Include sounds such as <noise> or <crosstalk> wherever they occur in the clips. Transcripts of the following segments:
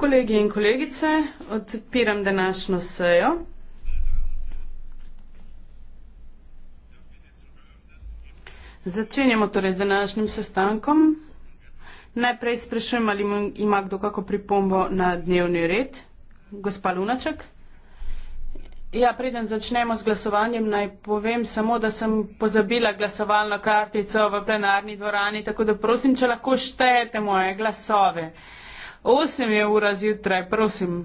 Kolegi in kolegice, odpiram današnjo sejo. Začenjamo torej z današnjim sestankom. Najprej sprašujem, ali ima kdo kako pripombo na dnevni red. Gospa Lunaček. Ja, preden začnemo z glasovanjem, naj povem samo, da sem pozabila glasovalno kartico v plenarni dvorani, tako da prosim, če lahko štejete moje glasove. 8 je ura zjutraj, prosim.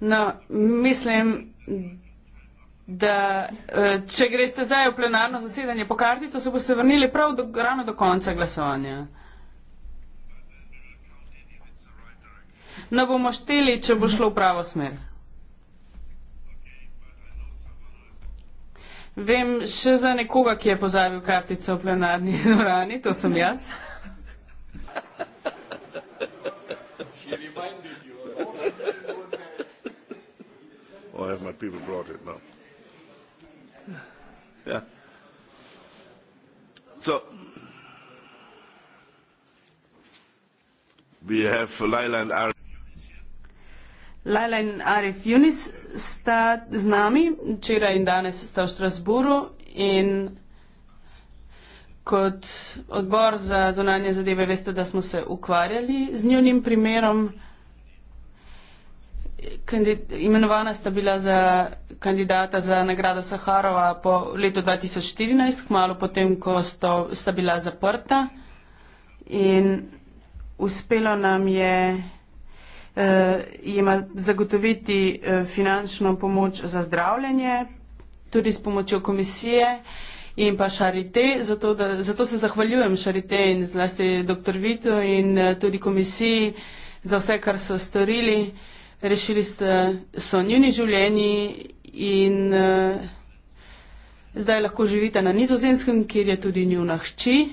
No, mislim, da eh, če greste zdaj v plenarno zasedanje po kartico, se boste vrnili prav do, ravno do konca glasovanja. ne bomo šteli, če bo šlo v pravo smer. Vem še za nekoga, ki je pozabil kartico v plenarni <laughs> dvorani, to sem jaz. <laughs> We have Leila and Ari. Laila in Arif Junis sta z nami, včeraj in danes sta v Strasburu in kot odbor za zonanje zadeve veste, da smo se ukvarjali z njunim primerom. Imenovana sta bila za kandidata za nagrado Saharova po letu 2014, kmalo potem, ko sto, sta bila zaprta. In uspelo nam je eh, jima zagotoviti eh, finančno pomoč za zdravljanje, tudi s pomočjo komisije in pa šarite. Zato, da, zato se zahvaljujem šarite in zlasti dr. Vito in eh, tudi komisiji za vse, kar so storili. Rešili ste, so njeni življenji in eh, zdaj lahko živite na nizozemskem, kjer je tudi njuna hči.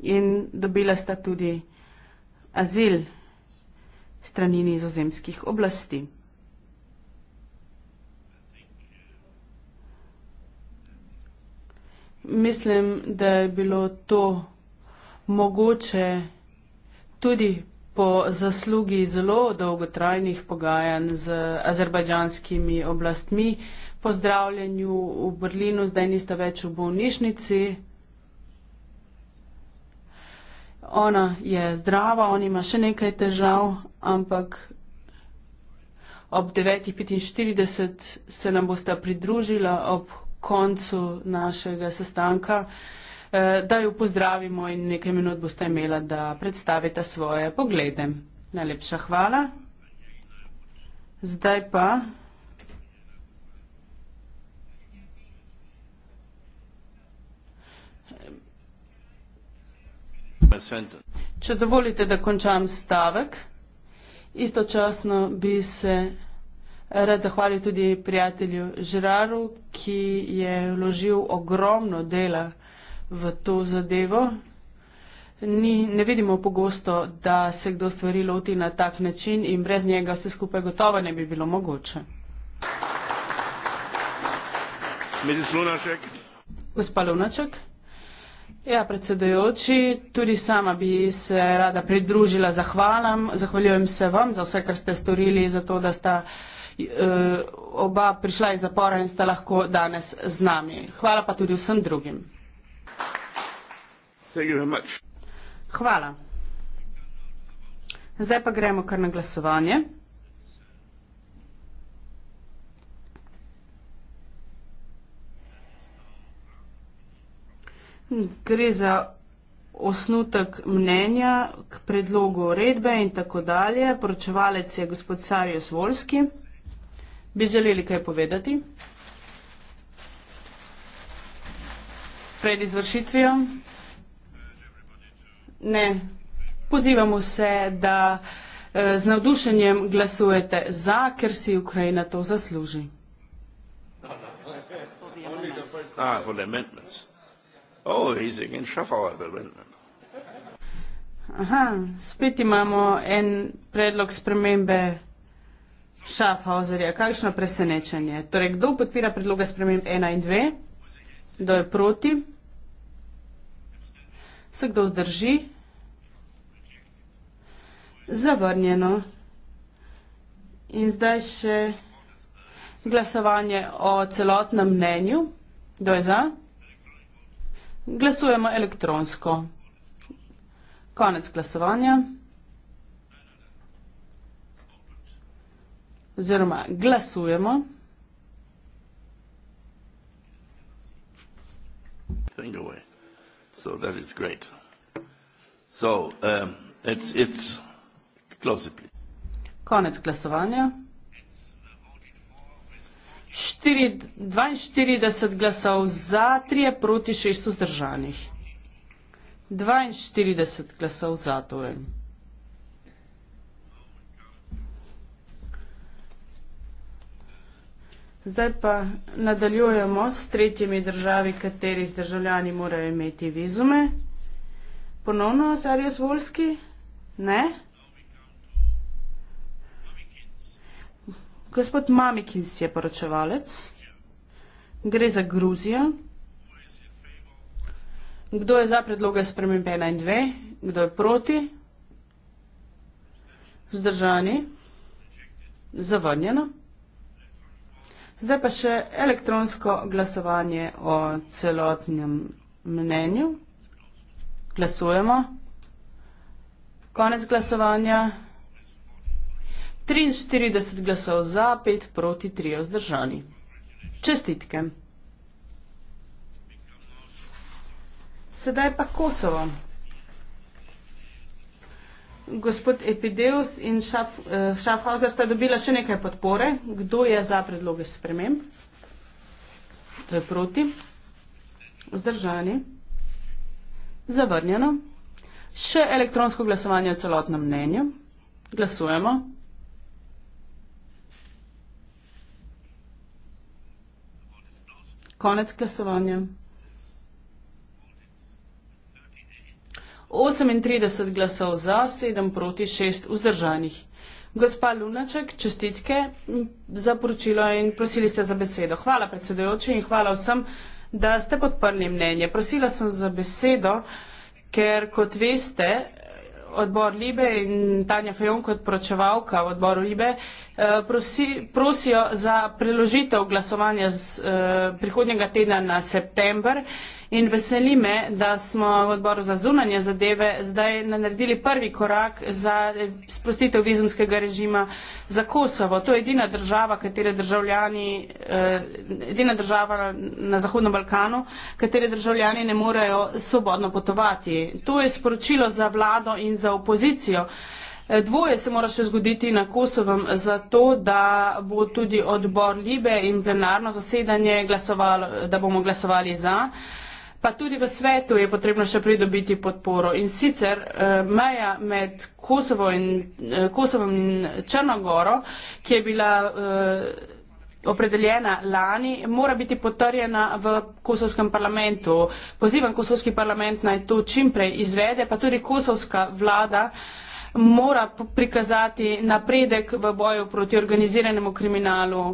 In dobila sta tudi azil strani nizozemskih oblasti. Mislim, da je bilo to mogoče tudi po zaslugi zelo dolgotrajnih pogajanj z azerbajdžanskimi oblastmi, pozdravljenju v Brlinu, zdaj nista več v bolnišnici ona je zdrava, on ima še nekaj težav, ampak ob 9.45 se nam bosta pridružila ob koncu našega sestanka, eh, da ju pozdravimo in nekaj minut boste imela, da predstavite svoje poglede. Najlepša hvala. Zdaj pa Če dovolite, da končam stavek, istočasno bi se rad zahvalil tudi prijatelju Žraru, ki je vložil ogromno dela v to zadevo. Ni, ne vidimo pogosto, da se kdo stvari loti na tak način in brez njega vse skupaj gotovo ne bi bilo mogoče. Gospa Lunaček. Ja, predsedujoči, tudi sama bi se rada pridružila zahvalam. Zahvaljujem se vam za vse, kar ste storili, za to, da sta uh, oba prišla iz zapora in sta lahko danes z nami. Hvala pa tudi vsem drugim. Hvala. Zdaj pa gremo kar na glasovanje. gre za osnutek mnenja k predlogu uredbe in tako dalje. Poročevalec je gospod Sarjus Volski. Bi želeli kaj povedati? Pred izvršitvijo? Ne. Pozivamo se, da eh, z navdušenjem glasujete za, ker si Ukrajina to zasluži. Ah, for the amendments. Oh, he's again shuffled. Aha, spet imamo en predlog spremembe Schaffhauserja. Kakšno presenečenje. Torej, kdo podpira predloga sprememb 1 in 2? Kdo je proti? Se kdo zdrži? Zavrnjeno. In zdaj še glasovanje o celotnem mnenju. Kdo je za? Glasujemo elektronsko. Konec glasovanja. Oziroma, glasujemo. Thing away. So that is great. So, um, it's, it's close it, please. Konec glasovanja. 4, 42 glasov za, 3 proti, 6 vzdržanih. 42 glasov za, torej. Zdaj pa nadaljujemo s tretjimi državi, katerih državljani morajo imeti vizume. Ponovno, Sarjus Volski? Ne? Ne? Gospod Mamikins je poročevalec. Gre za Gruzijo. Kdo je za predloga spremembe 1 in 2? Kdo je proti? Zdržani? Zavrnjeno? Zdaj pa še elektronsko glasovanje o celotnem mnenju. Glasujemo. Konec glasovanja. 43 glasov za, 5 proti, 3 vzdržani. Čestitke. Sedaj pa Kosovo. Gospod Epideus in Schaffhauser eh, sta dobila še nekaj podpore. Kdo je za predloge sprememb? To je proti. Vzdržani. Zavrnjeno. Še elektronsko glasovanje o celotnem mnenju. Glasujemo. Konec glasovanja. 38 glasov za, 7 proti, 6 vzdržanih. Gospa Lunaček, čestitke za poročilo in prosili ste za besedo. Hvala predsedojoči in hvala vsem, da ste podprli mnenje. Prosila sem za besedo, ker kot veste, odbor Libe in Tanja Fejon kot pročevalka v odboru Libe eh, prosi, prosijo za preložitev glasovanja z eh, prihodnjega tedna na september in veseli me, da smo v odboru za zunanje zadeve zdaj naredili prvi korak za eh, sprostitev vizumskega režima za Kosovo. To je edina država, katere državljani, eh, edina država na Zahodnem Balkanu, katere državljani ne morejo svobodno potovati. To je sporočilo za vlado in za opozicijo. Eh, dvoje se mora še zgoditi na Kosovem za to, da bo tudi odbor Libe in plenarno zasedanje glasovalo, da bomo glasovali za. Uh, pa tudi v svetu je potrebno še pridobiti podporo. In sicer uh, meja med Kosovo in, uh, Kosovom in Črnogoro, ki je bila uh, opredeljena lani, mora biti potrjena v kosovskem parlamentu. Pozivam kosovski parlament naj to čimprej izvede, pa tudi kosovska vlada mora prikazati napredek v boju proti organiziranemu kriminalu.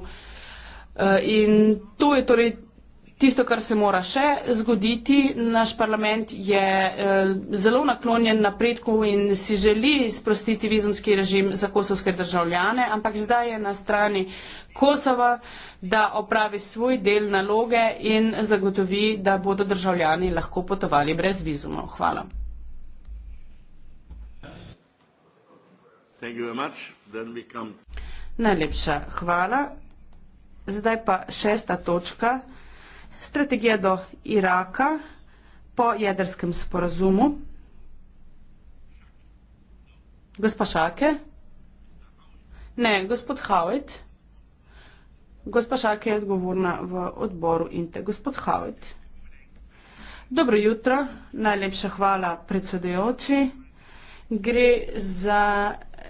Uh, in to je torej Tisto, kar se mora še zgoditi, naš parlament je eh, zelo naklonjen napredku in si želi sprostiti vizumski režim za kosovske državljane, ampak zdaj je na strani Kosova, da opravi svoj del naloge in zagotovi, da bodo državljani lahko potovali brez vizumov. Hvala. Najlepša hvala. Zdaj pa šesta točka strategija do Iraka po jedrskem sporazumu. Gospa Šake? Ne, gospod Havet. Gospa Šake je odgovorna v odboru INTE. Gospod Havet. Dobro jutro, najlepša hvala predsedejoči. Gre za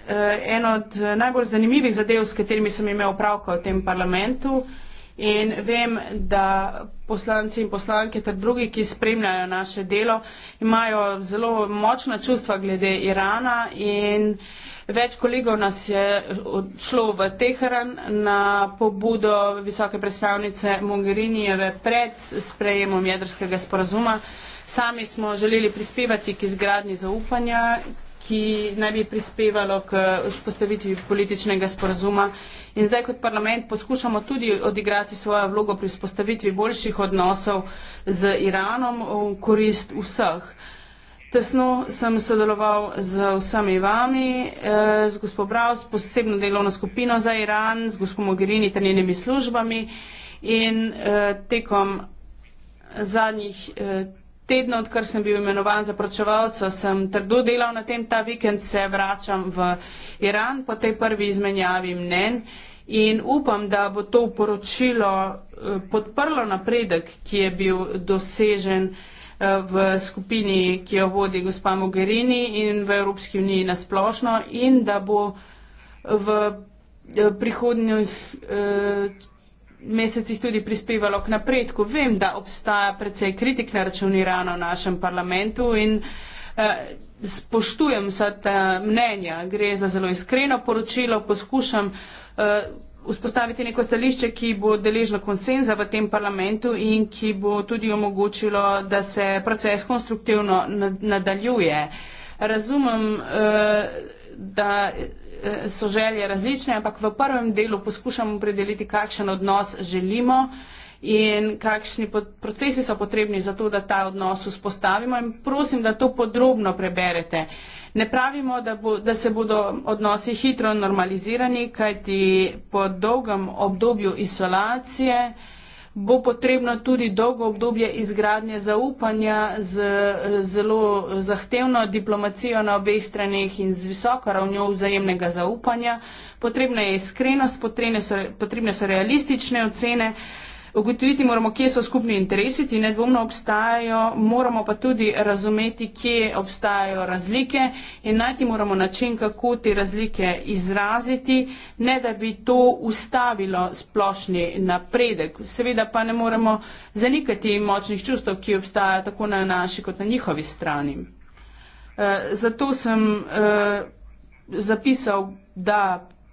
eh, eno od najbolj zanimivih zadev, s katerimi sem imel pravko v tem parlamentu in vem, da poslanci in poslanke ter drugi, ki spremljajo naše delo, imajo zelo močna čustva glede Irana in več kolegov nas je šlo v Teheran na pobudo visoke predstavnice Mogherinijeve pred sprejemom jedrskega sporazuma. Sami smo želeli prispevati k izgradnji zaupanja, ki naj bi prispevalo k vzpostavitvi političnega sporazuma. In zdaj kot parlament poskušamo tudi odigrati svojo vlogo pri vzpostavitvi boljših odnosov z Iranom v korist vseh. Tesno sem sodeloval z vsemi vami, eh, z gospod Braus, posebno delovno skupino za Iran, z gospod Mogherini ter njenimi službami in eh, tekom zadnjih eh, tedna, odkar sem bil imenovan za pročevalca, sem trdo delal na tem, ta vikend se vračam v Iran po tej prvi izmenjavi mnen in upam, da bo to poročilo eh, podprlo napredek, ki je bil dosežen eh, v skupini, ki jo vodi gospa Mogherini in v Evropski uniji nasplošno in da bo v eh, prihodnjih mesecih tudi prispevalo k napredku. Vem, da obstaja precej kritik na račun Irana v našem parlamentu in eh, spoštujem vsa ta mnenja. Gre za zelo iskreno poročilo, poskušam eh, vzpostaviti neko stališče, ki bo deležno konsenza v tem parlamentu in ki bo tudi omogočilo, da se proces konstruktivno nadaljuje. Razumem. Eh, da eh, so želje različne, ampak v prvem delu poskušamo predeliti, kakšen odnos želimo in kakšni procesi so potrebni za to, da ta odnos vzpostavimo in prosim, da to podrobno preberete. Ne pravimo, da, bo, da se bodo odnosi hitro normalizirani, kajti po dolgem obdobju izolacije bo potrebno tudi dolgo obdobje izgradnje zaupanja z eh, zelo zahtevno diplomacijo na obeh straneh in z visoko ravnjo vzajemnega zaupanja. Potrebna je iskrenost, potrebne so, potrebne so realistične ocene. Ugotoviti moramo, kje so skupni interesi, ti nedvomno obstajajo, moramo pa tudi razumeti, kje obstajajo razlike in najti moramo način, kako te razlike izraziti, ne da bi to ustavilo splošni napredek. Seveda pa ne moramo zanikati močnih čustev, ki obstajajo tako na naši kot na njihovi strani. E, zato sem e, zapisal, da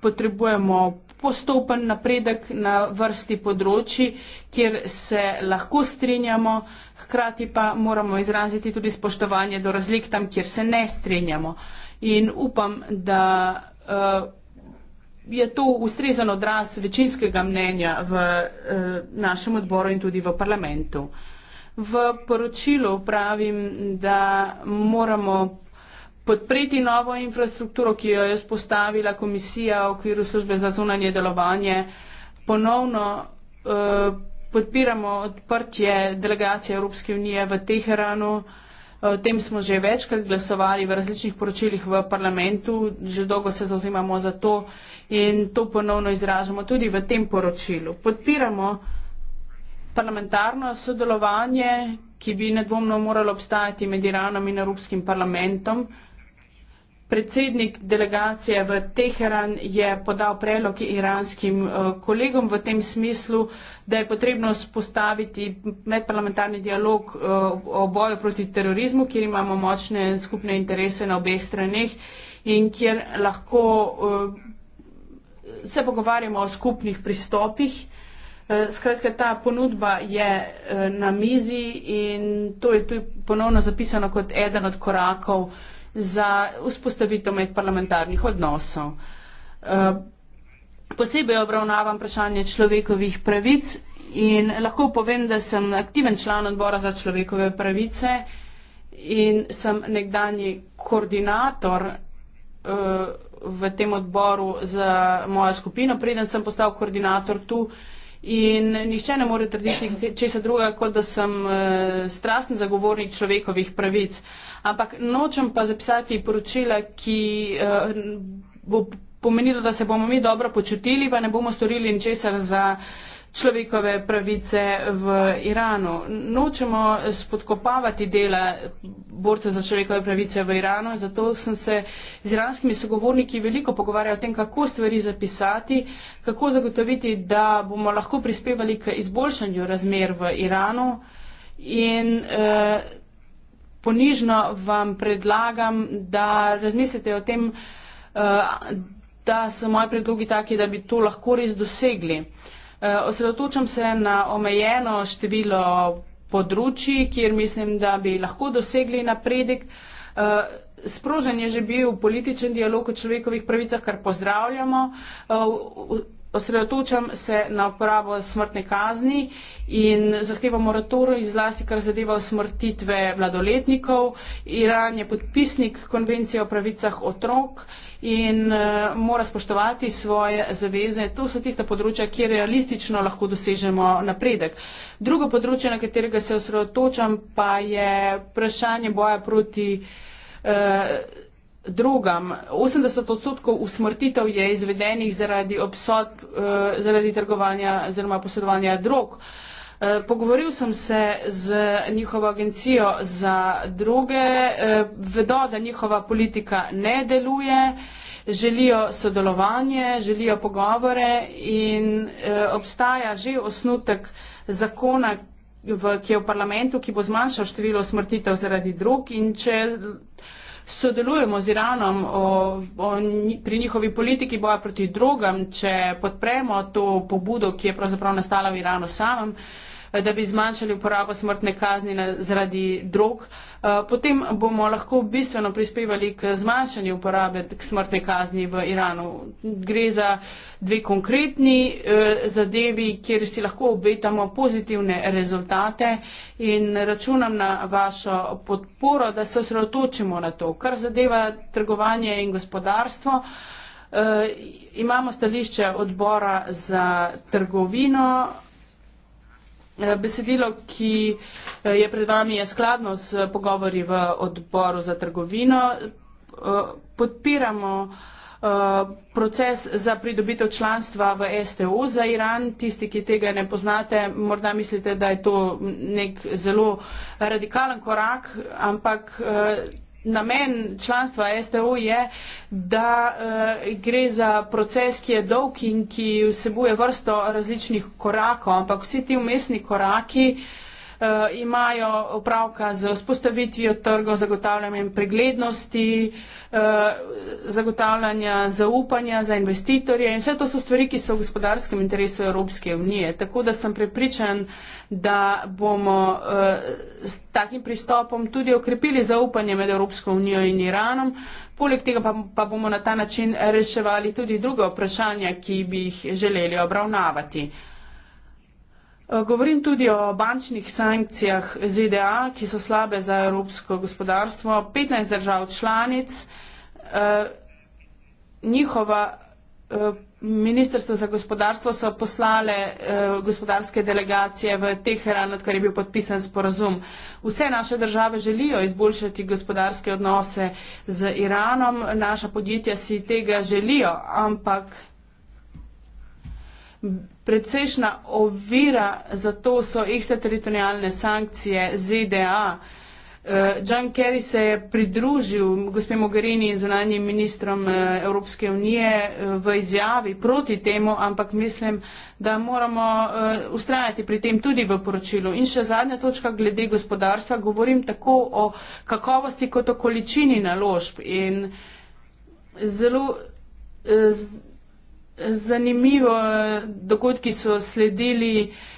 potrebujemo postopen napredek na vrsti področji, kjer se lahko strinjamo, hkrati pa moramo izraziti tudi spoštovanje do razlik tam, kjer se ne strinjamo. In upam, da uh, je to ustrezan odraz večinskega mnenja v uh, našem odboru in tudi v parlamentu. V poročilu pravim, da moramo podpreti novo infrastrukturo, ki jo je spostavila komisija v okviru službe za zunanje delovanje. Ponovno eh, podpiramo odprtje delegacije Evropske unije v Teheranu. Eh, o tem smo že večkrat glasovali v različnih poročilih v parlamentu, že dolgo se zauzimamo za to in to ponovno izražamo tudi v tem poročilu. Podpiramo parlamentarno sodelovanje, ki bi nedvomno moralo obstajati med Iranom in Evropskim parlamentom. Predsednik delegacije v Teheran je podal predlog iranskim eh, kolegom v tem smislu, da je potrebno spostaviti medparlamentarni dialog eh, o boju proti terorizmu, kjer imamo močne skupne interese na obeh straneh in kjer lahko eh, se pogovarjamo o skupnih pristopih. Skratka, ta ponudba je na mizi in to je tu ponovno zapisano kot eden od korakov za vzpostavitev medparlamentarnih odnosov. Eh, posebej obravnavam vprašanje človekovih pravic in lahko povem, da sem aktiven član odbora za človekove pravice in sem nekdani koordinator eh, v tem odboru za mojo skupino, preden sem postal koordinator tu. In nihče ne more trditi česa druga, kot da sem uh, strasten zagovornik človekovih pravic. Ampak nočem pa zapisati poročila, ki uh, bo pomenilo, da se bomo mi dobro počutili, pa ne bomo storili ničesar za človekove pravice v Iranu. Nočemo spodkopavati dela borcev za človekove pravice v Iranu, zato sem se z iranskimi sogovorniki veliko pogovarjal o tem, kako stvari zapisati, kako zagotoviti, da bomo lahko prispevali k izboljšanju razmer v Iranu. In eh, ponižno vam predlagam, da razmislite o tem, eh, da so moji predlogi taki, da bi to lahko res dosegli. Eh, Eh, osredotočam se na omejeno število področji, kjer mislim, da bi lahko dosegli napredek. Eh, sprožen je že bil političen dialog o človekovih pravicah, kar pozdravljamo. Eh, osredotočam se na uporabo smrtne kazni in zahtevam moratorij zlasti, kar zadeva usmrtitve mladoletnikov. Iran je podpisnik konvencije o pravicah otrok in uh, mora spoštovati svoje zaveze. To so tista področja, kjer realistično lahko dosežemo napredek. Drugo področje, na katerega se osredotočam, pa je vprašanje boja proti uh, drogam. 80 odstotkov usmrtitev je izvedenih zaradi obsodb, uh, zaradi trgovanja oziroma posedovanja drog. Eh, pogovoril sem se z njihovo agencijo za droge, eh, vedo, da njihova politika ne deluje, želijo sodelovanje, želijo pogovore in obstaja že osnutek zakona, ki je v parlamentu, ki bo zmanjšal število smrtitev zaradi drog in če sodelujemo z Iranom o, o, pri njihovi politiki boja proti drogam, če podpremo to pobudo, ki je pravzaprav nastala v Iranu samem. Uh, da bi zmanjšali uporabo smrtne kazni zaradi drog, eh, potem bomo lahko bistveno prispevali k zmanjšanju uporabe k smrtne kazni v Iranu. Gre za dve konkretni eh, zadevi, kjer si lahko obetamo pozitivne rezultate in računam na vašo podporo, da se osredotočimo na to, kar zadeva trgovanje in gospodarstvo. Uh, imamo stališče odbora za trgovino, Eh, besedilo, ki eh, je pred vami, je skladno s pogovori v odboru za trgovino. Eh, podpiramo proces za pridobitev članstva v STO za Iran. Tisti, ki tega ne poznate, morda mislite, da je to nek zelo radikalen korak, ampak namen članstva STU je, da uh, gre za proces, ki je dolg in ki vsebuje vrsto različnih korakov, ampak vsi ti umestni koraki uh, uh, imajo opravka z vzpostavitvijo trgov, zagotavljanjem preglednosti, uh, zagotavljanja zaupanja za investitorje in vse to so stvari, ki so v gospodarskem interesu Evropske unije. Tako da sem prepričan, da bomo uh, s takim pristopom tudi okrepili zaupanje med Evropsko unijo in Iranom. Poleg tega pa, pa bomo na ta način reševali tudi druge vprašanja, ki bi jih želeli obravnavati. Eh, govorim tudi o bančnih sankcijah ZDA, ki so slabe za evropsko gospodarstvo. 15 držav članic, eh, njihova eh, ministrstvo za gospodarstvo so poslale gospodarske delegacije v Teheran, odkar je bil podpisan sporazum. Vse naše države želijo izboljšati gospodarske odnose z Iranom, naša podjetja si tega želijo, ampak precejšna ovira za to so ekstrateritorijalne sankcije ZDA. Eh, John Kerry se je pridružil gospe Mogherini in zunanjim ministrom eh, Evropske unije eh, v izjavi proti temu, ampak mislim, da moramo ustrajati pri tem tudi v poročilu. In še zadnja točka glede gospodarstva, govorim tako o kakovosti kot o količini naložb in zelo. Z, Zanimivo, dogodki so sledili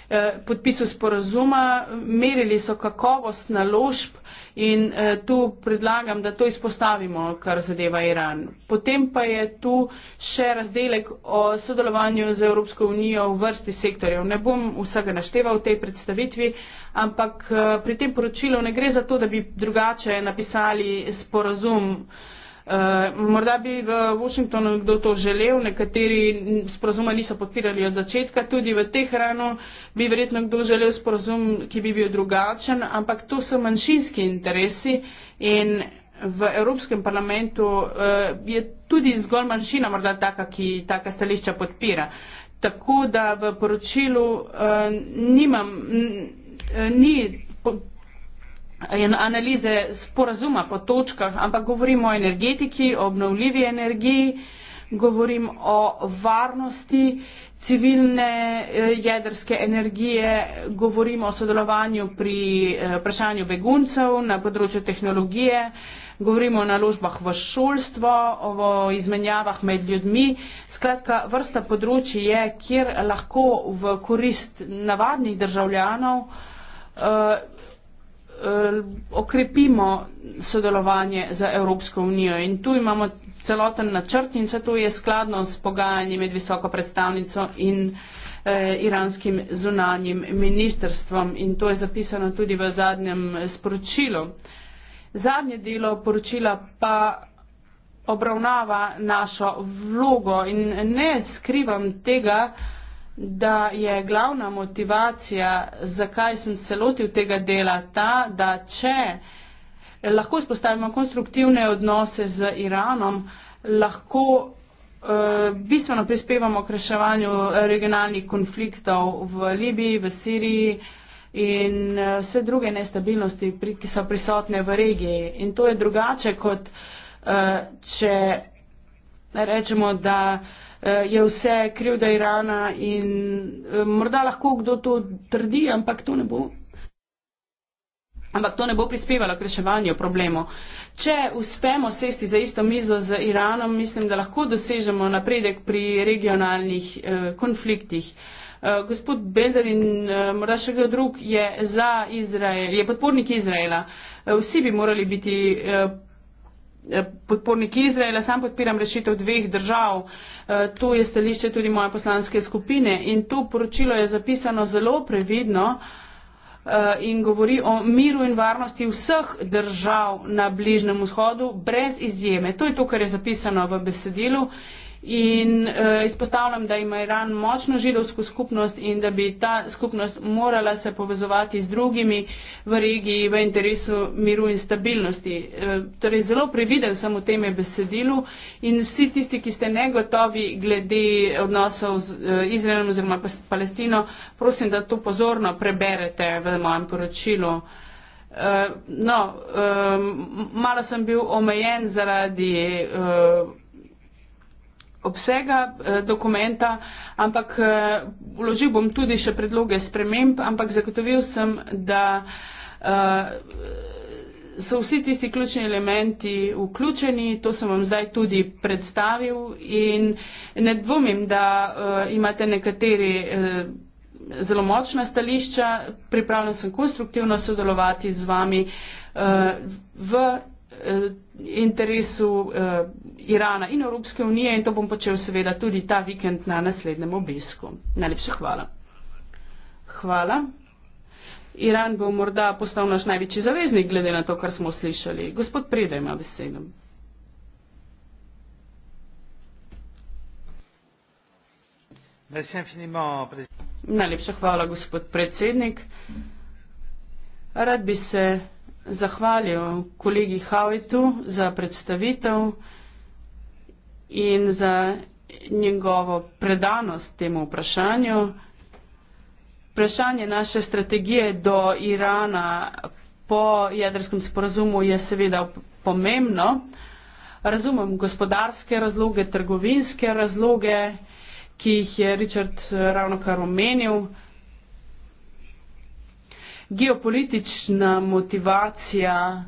eh, podpisu sporazuma, merili so kakovost naložb in eh, tu predlagam, da to izpostavimo, kar zadeva Iran. Potem pa je tu še razdelek o sodelovanju z Evropsko unijo v vrsti sektorjev. Ne bom vsega našteval v tej predstavitvi, ampak eh, pri tem poročilu ne gre za to, da bi drugače napisali sporazum. Eh, Eh, morda bi v Washingtonu kdo to želel, nekateri sporozuma niso podpirali od začetka, tudi v Teheranu bi verjetno kdo želel sporozum, ki bi bil drugačen, ampak to so manjšinski interesi in v Evropskem parlamentu eh, je tudi zgolj manjšina morda taka, ki taka stališča podpira. Tako da v poročilu eh, nimam, ni in analize sporazuma po točkah, ampak govorim o energetiki, o obnovljivi energiji, govorim o varnosti civilne eh, jedrske energije, govorim o sodelovanju pri eh, vprašanju beguncev na področju tehnologije, govorim o naložbah v šolstvo, o izmenjavah med ljudmi. Skratka, vrsta področji je, kjer lahko v korist navadnih državljanov eh, Eh, okrepimo sodelovanje za Evropsko unijo. In tu imamo celoten načrt in vse to je skladno s pogajanji med visoko predstavnico in eh, iranskim zunanjim ministrstvom. In to je zapisano tudi v zadnjem sporočilu. Zadnje delo poročila pa obravnava našo vlogo in ne skrivam tega, da je glavna motivacija, zakaj sem se lotil tega dela, ta, da če lahko spostavimo konstruktivne odnose z Iranom, lahko eh, bistveno prispevamo k reševanju regionalnih konfliktov v Libiji, v Siriji in eh, vse druge nestabilnosti, ki so prisotne v regiji. In to je drugače, kot eh, če rečemo, da Eh, je vse krivda Irana in eh, morda lahko kdo to trdi, ampak to ne bo. Ampak to ne bo prispevalo k reševanju problemov. Če uspemo sesti za isto mizo z Iranom, mislim, da lahko dosežemo napredek pri regionalnih eh, konfliktih. Eh, gospod Bender in eh, morda še kdo drug je, Izrael, je podpornik Izraela. Eh, vsi bi morali biti eh, Eh, podporniki Izraela, sam podpiram rešitev dveh držav. Eh, to je stališče tudi moje poslanske skupine in to poročilo je zapisano zelo previdno eh, in govori o miru in varnosti vseh držav na Bližnem vzhodu brez izjeme. To je to, kar je zapisano v besedilu In uh, izpostavljam, da ima Iran močno židovsko skupnost in da bi ta skupnost morala se povezovati z drugimi v regiji v interesu miru in stabilnosti. Uh, torej, zelo previden sem v teme besedilu in vsi tisti, ki ste negotovi glede odnosov z uh, Izraelom oziroma Palestino, prosim, da to pozorno preberete v mojem poročilu. Uh, no, um, malo sem bil omejen zaradi. Uh, obsega eh, dokumenta, ampak eh, vložil bom tudi še predloge sprememb, ampak zagotovil sem, da eh, so vsi tisti ključni elementi vključeni, to sem vam zdaj tudi predstavil in ne dvomim, da eh, imate nekateri. Eh, Zelo močna stališča, pripravljen sem konstruktivno sodelovati z vami uh, v uh, interesu uh, Irana in Evropske unije in to bom počel seveda tudi ta vikend na naslednjem obisku. Najlepša hvala. Hvala. Iran bo morda postal naš največji zaveznik, glede na to, kar smo slišali. Gospod Preda ima besedo. Najlepša hvala, gospod predsednik. Rad bi se zahvalil kolegi Havitu za predstavitev in za njegovo predanost temu vprašanju. Vprašanje naše strategije do Irana po jedrskem sporazumu je seveda pomembno. Razumem gospodarske razloge, trgovinske razloge, ki jih je Richard ravno kar omenil geopolitična motivacija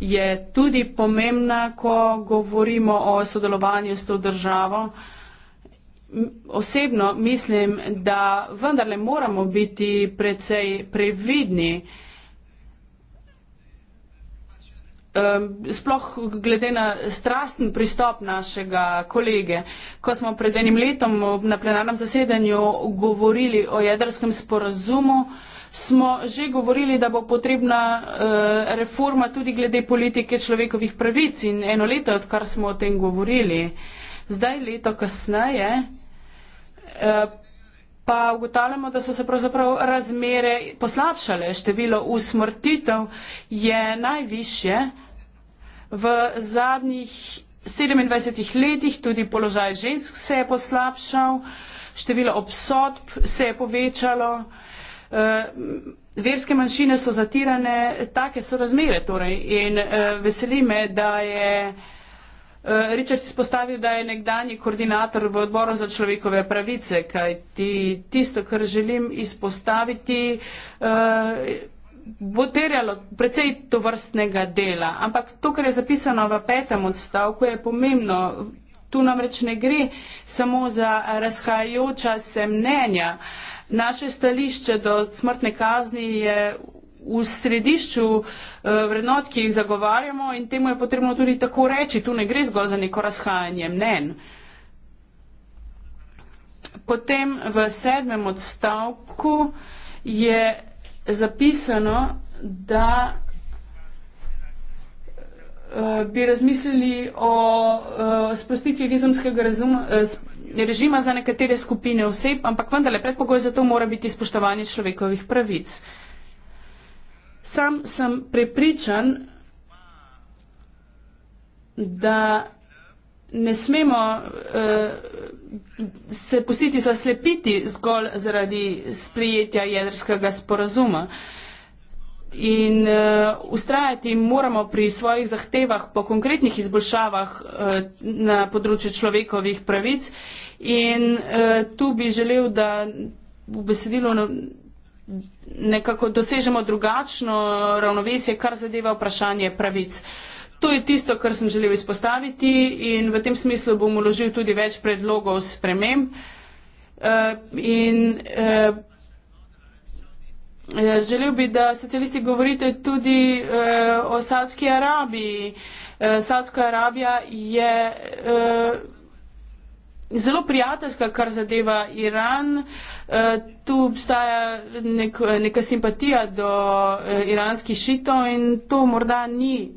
je tudi pomembna, ko govorimo o sodelovanju s to državo. Osebno mislim, da vendarle moramo biti precej previdni, sploh glede na strasten pristop našega kolege. Ko smo pred enim letom na plenarnem zasedanju govorili o jedrskem sporazumu, smo že govorili, da bo potrebna eh, reforma tudi glede politike človekovih pravic in eno leto, odkar smo o tem govorili. Zdaj leto kasneje eh, pa ugotavljamo, da so se pravzaprav razmere poslabšale. Število usmrtitev je najvišje v zadnjih 27 letih, tudi položaj žensk se je poslabšal, število obsodb se je povečalo, uh, verske manjšine so zatirane, take so razmere. Torej. In uh, veseli me, da je uh, Richard izpostavil, da je nekdani koordinator v odboru za človekove pravice, kaj ti tisto, kar želim izpostaviti. Uh, bo terjalo precej tovrstnega dela. Ampak to, kar je zapisano v petem odstavku, je pomembno. Tu namreč ne gre samo za razhajajoča se mnenja. Naše stališče do smrtne kazni je v središču eh, vrednot, ki jih zagovarjamo in temu je potrebno tudi tako reči. Tu ne gre zgolj za neko razhajanje mnen. Potem v sedmem odstavku je zapisano, da Eh, bi razmislili o uh, eh, spustitvi vizumskega razuma, uh, eh, režima za nekatere skupine oseb, ampak vendarle predpogoj za to mora biti spoštovanje človekovih pravic. Sam sem prepričan, da ne smemo uh, se pustiti zaslepiti zgolj zaradi sprijetja jedrskega sporazuma. Uh, in uh, ustrajati moramo pri svojih zahtevah po konkretnih izboljšavah uh, na področju človekovih pravic. In uh, tu bi želel, da v besedilu nekako dosežemo drugačno ravnovesje, kar zadeva vprašanje pravic. To je tisto, kar sem želel izpostaviti in v tem smislu bom uložil tudi več predlogov sprememb. Uh, in, uh, Eh, želel bi, da socialisti govorite tudi uh, o Saudski Arabiji. Uh, eh, Saudska Arabija je uh, zelo prijateljska, kar zadeva Iran. Uh, tu obstaja nek, neka simpatija do uh, iranskih šitov in to morda ni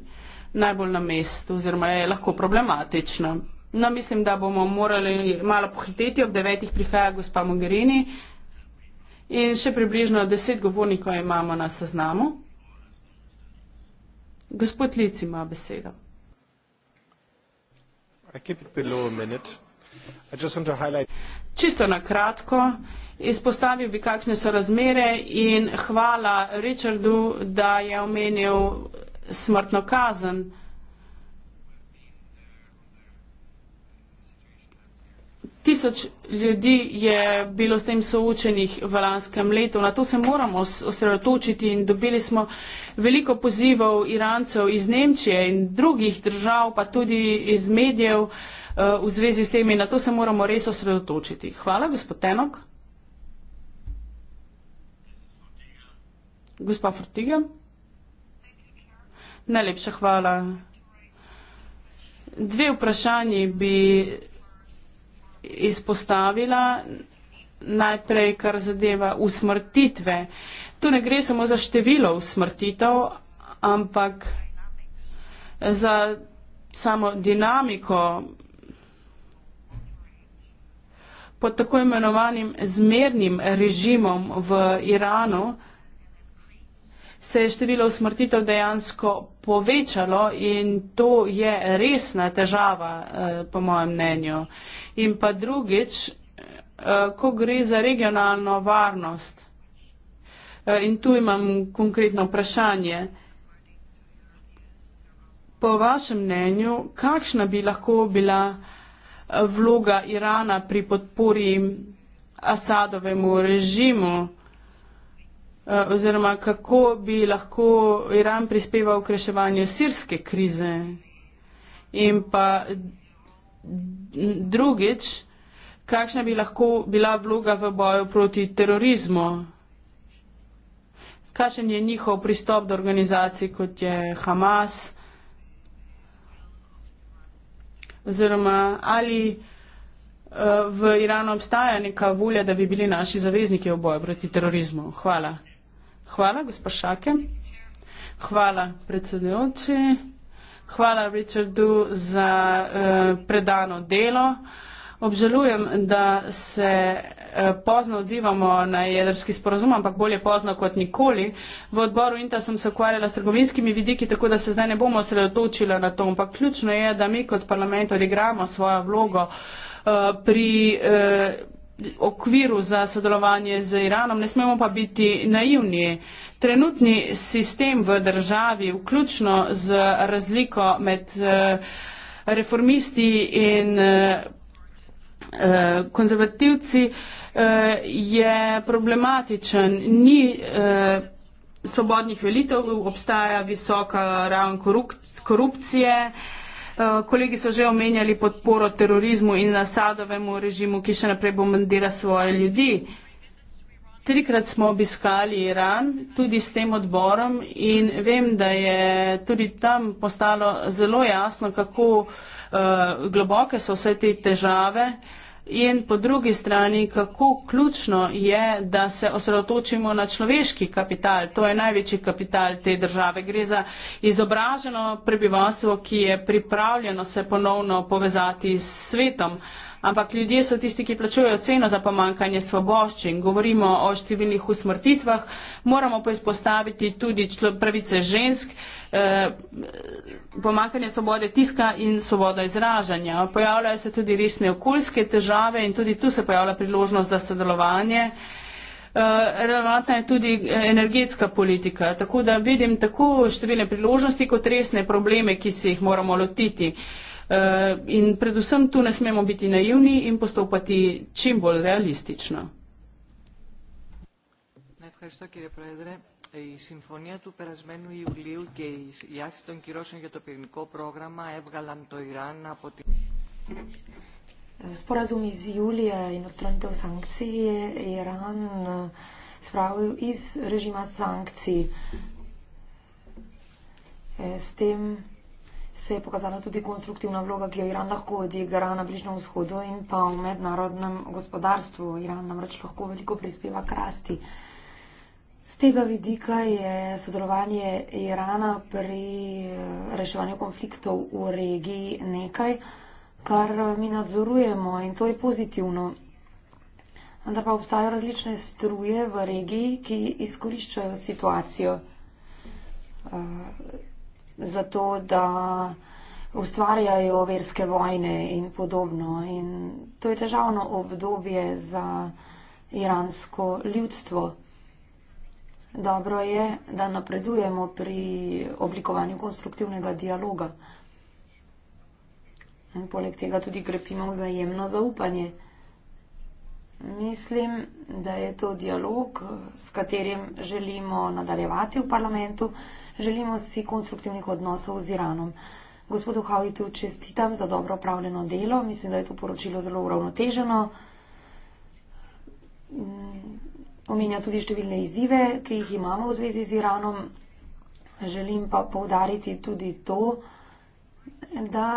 najbolj na mestu oziroma je lahko problematično. No, mislim, da bomo morali malo pohiteti, ob devetih prihaja gospa Mogherini. In še približno deset govornikov imamo na seznamu. Gospod Lic ima besedo. Čisto na kratko, izpostavil bi, kakšne so razmere in hvala Richardu, da je omenil smrtno kazen. Tisoč ljudi je bilo s tem soočenih v lanskem letu. Na to se moramo osredotočiti in dobili smo veliko pozivov Irancev iz Nemčije in drugih držav, pa tudi iz medijev eh, v zvezi s temi. Na to se moramo res osredotočiti. Hvala, gospod Tenok. Gospa Fortiga. Najlepša hvala. Dve vprašanji bi izpostavila, najprej kar zadeva usmrtitve. Tu ne gre samo za število usmrtitev, ampak za samo dinamiko pod tako imenovanim zmernim režimom v Iranu se je število usmrtitev dejansko povečalo in to je resna težava, eh, po mojem mnenju. In pa drugič, eh, ko gre za regionalno varnost, eh, in tu imam konkretno vprašanje, po vašem mnenju, kakšna bi lahko bila vloga Irana pri podpori Asadovemu režimu? Eh, oziroma kako bi lahko Iran prispeval k reševanju sirske krize. In pa drugič, kakšna bi lahko bila vloga v boju proti terorizmu. Kakšen je njihov pristop do organizacij, kot je Hamas? Oziroma, ali uh, v Iranu obstaja neka volja, da bi bili naši zavezniki v boju proti terorizmu? Hvala. Hvala, gospa Šake. Hvala, predsedujoči. Hvala Richardu za eh, predano delo. Obžalujem, da se eh, pozno odzivamo na jedrski sporozum, ampak bolje pozno kot nikoli. V odboru INTA sem se ukvarjala s trgovinskimi vidiki, tako da se zdaj ne bomo osredotočila na to, ampak ključno je, da mi kot parlament odigramo svojo vlogo eh, pri. Eh, okviru za sodelovanje z Iranom, ne smemo pa biti naivni. Trenutni sistem v državi, vključno z razliko med eh, reformisti in eh, eh, konzervativci, je problematičen. Ni svobodnih velitev, obstaja visoka raven korupcije. Eh, kolegi so že omenjali podporo terorizmu in Asadovemu režimu, ki še naprej bombardira svoje ljudi. Trikrat smo obiskali Iran, tudi s tem odborom in vem, da je tudi tam postalo zelo jasno, kako uh, globoke so vse te težave. Uh, in po drugi strani, kako ključno je, da se osredotočimo na človeški kapital. To je največji kapital te države. Gre za izobraženo prebivalstvo, ki je pripravljeno se ponovno povezati s svetom. Ampak ljudje so tisti, ki plačujejo ceno za pomankanje svoboščin. Govorimo o številnih usmrtitvah, moramo pa izpostaviti tudi pravice žensk, eh, pomankanje svobode tiska in svobodo izražanja. Pojavljajo se tudi resne okoljske težave države in tudi tu se pojavlja priložnost za sodelovanje. Eh, relevantna je tudi eh, energetska politika, tako da vidim tako številne priložnosti kot resne probleme, ki se jih moramo lotiti. Eh, in predvsem tu ne smemo biti naivni in postopati čim bolj realistično. Ευχαριστώ κύριε Πρόεδρε. Η συμφωνία του περασμένου Ιουλίου και οι άσκηση των κυρώσεων για το πυρηνικό πρόγραμμα έβγαλαν το Ιράν από την... Sporazum iz julija in ostranitev sankcij je Iran eh, spravil iz režima sankcij. Eh, s tem se je pokazala tudi konstruktivna vloga, ki jo Iran lahko odigra na Bližnjem vzhodu in pa v mednarodnem gospodarstvu. Iran namreč lahko veliko prispeva k rasti. Z tega vidika je sodelovanje Irana pri eh, reševanju konfliktov v regiji nekaj kar eh, mi nadzorujemo in to je pozitivno. Vendar pa obstajajo različne struje v regiji, ki izkoriščajo situacijo eh, za to, da ustvarjajo verske vojne in podobno. In to je težavno obdobje za iransko ljudstvo. Dobro je, da napredujemo pri oblikovanju konstruktivnega dialoga. In poleg tega tudi krepimo vzajemno zaupanje. Mislim, da je to dialog, s katerim želimo nadaljevati v parlamentu. Želimo si konstruktivnih odnosov z Iranom. Gospodu Havitu čestitam za dobro upravljeno delo. Mislim, da je to poročilo zelo uravnoteženo. Omenja tudi številne izzive, ki jih imamo v zvezi z Iranom. Želim pa poudariti tudi to, da da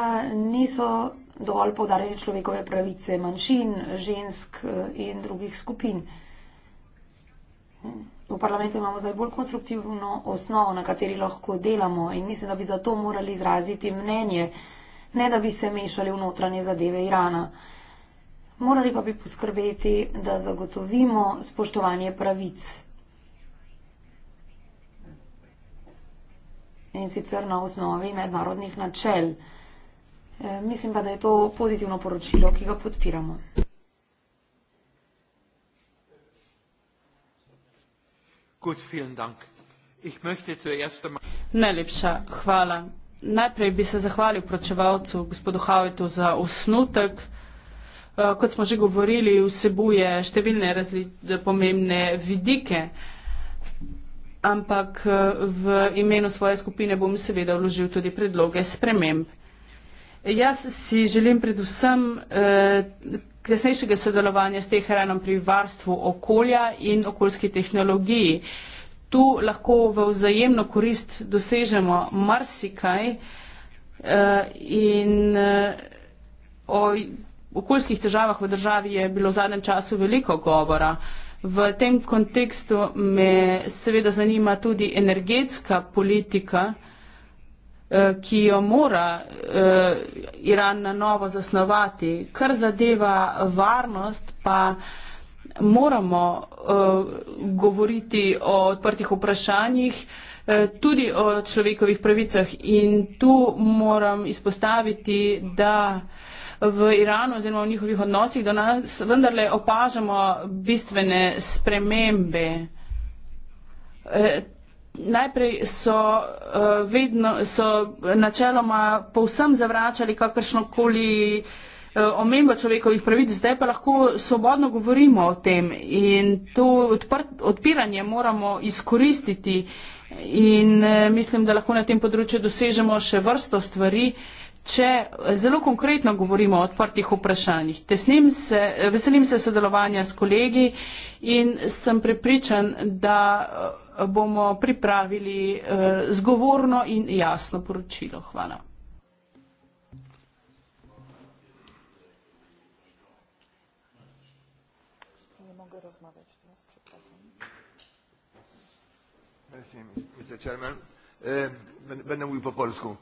niso dovolj povdarjene človekove pravice manjšin, žensk eh, in drugih skupin. V parlamentu imamo zdaj bolj konstruktivno osnovo, na kateri lahko delamo in mislim, da bi zato morali izraziti mnenje, ne da bi se mešali v notranje zadeve Irana. Morali pa bi poskrbeti, da zagotovimo spoštovanje pravic. in sicer na osnovi mednarodnih načel. E, mislim pa, da je to pozitivno poročilo, ki ga podpiramo. Gut, ich einmal... Najlepša hvala. Najprej bi se zahvalil pročevalcu gospodu Havetu za osnutek. E, kot smo že govorili, vsebuje številne različne pomembne vidike ampak eh, v imenu svoje skupine bom seveda vložil tudi predloge sprememb. Jaz si želim predvsem eh, tesnejšega eh, sodelovanja s Teheranom pri varstvu okolja in okoljski tehnologiji. Tu lahko v vzajemno korist dosežemo marsikaj eh, in eh, o okoljskih težavah v državi je bilo v zadnjem času veliko govora. Eh, V tem kontekstu me seveda zanima tudi energetska politika, eh, ki jo mora eh, Iran na novo zasnovati. Kar zadeva varnost, pa moramo eh, govoriti o odprtih vprašanjih, Eh, tudi o človekovih pravicah. In tu moram izpostaviti, da v Iranu oziroma v njihovih odnosih do nas vendarle opažamo bistvene spremembe. Eh, najprej so, uh, vedno, so načeloma povsem zavračali kakršnokoli uh, omembo človekovih pravic, zdaj pa lahko svobodno govorimo o tem in to odpr odpiranje moramo izkoristiti uh, In eh, mislim, da lahko na tem področju dosežemo še vrsto stvari, če eh, zelo konkretno govorimo o odprtih vprašanjih. Se, eh, veselim se sodelovanja s kolegi in sem prepričan, da bomo pripravili zgovorno in jasno poročilo. Hvala. Mr. Chairman. E, będę mówił po polsku.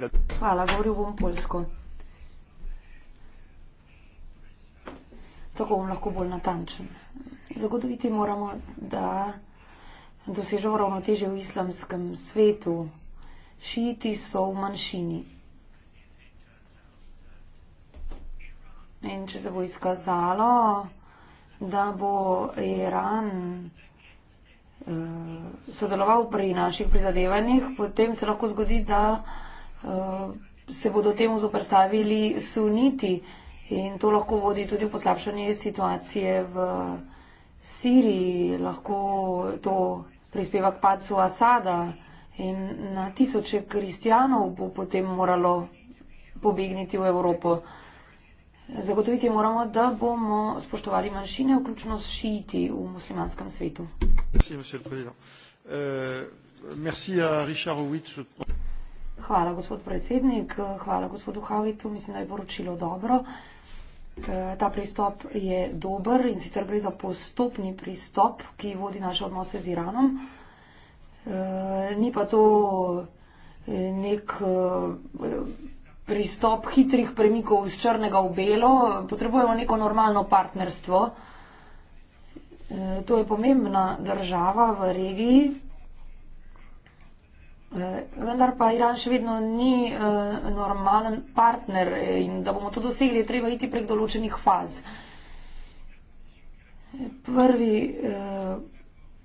E, Hvala, govoril bom polsko. Tako bom lahko bolj natančen. Zagotoviti moramo, da dosežemo ravnoteže v islamskem svetu. Šiti so v manjšini. In če se bo izkazalo, da bo Iran vsega, Eh, sodeloval pri naših prizadevanjih, potem se lahko zgodi, da eh, se bodo temu zoprstavili suniti in to lahko vodi tudi v poslabšanje situacije v Siriji, lahko to prispeva k pacu Asada in na tisoče kristijanov bo potem moralo pobegniti v Evropo. Zagotoviti moramo, da bomo spoštovali manjšine, vključno s šiiti v muslimanskem svetu. Euh, Hvala, gospod predsednik. Hvala, gospodu Havitu. Mislim, da je poročilo dobro. Ta pristop je dober in sicer gre za postopni pristop, ki vodi naše odnose z Iranom. Eh, ni pa to eh, nek eh, pristop hitrih premikov iz črnega v belo, potrebujemo neko normalno partnerstvo. E, to je pomembna država v regiji, e, vendar pa Iran še vedno ni e, normalen partner in da bomo to dosegli, je treba iti prek določenih faz. Prvi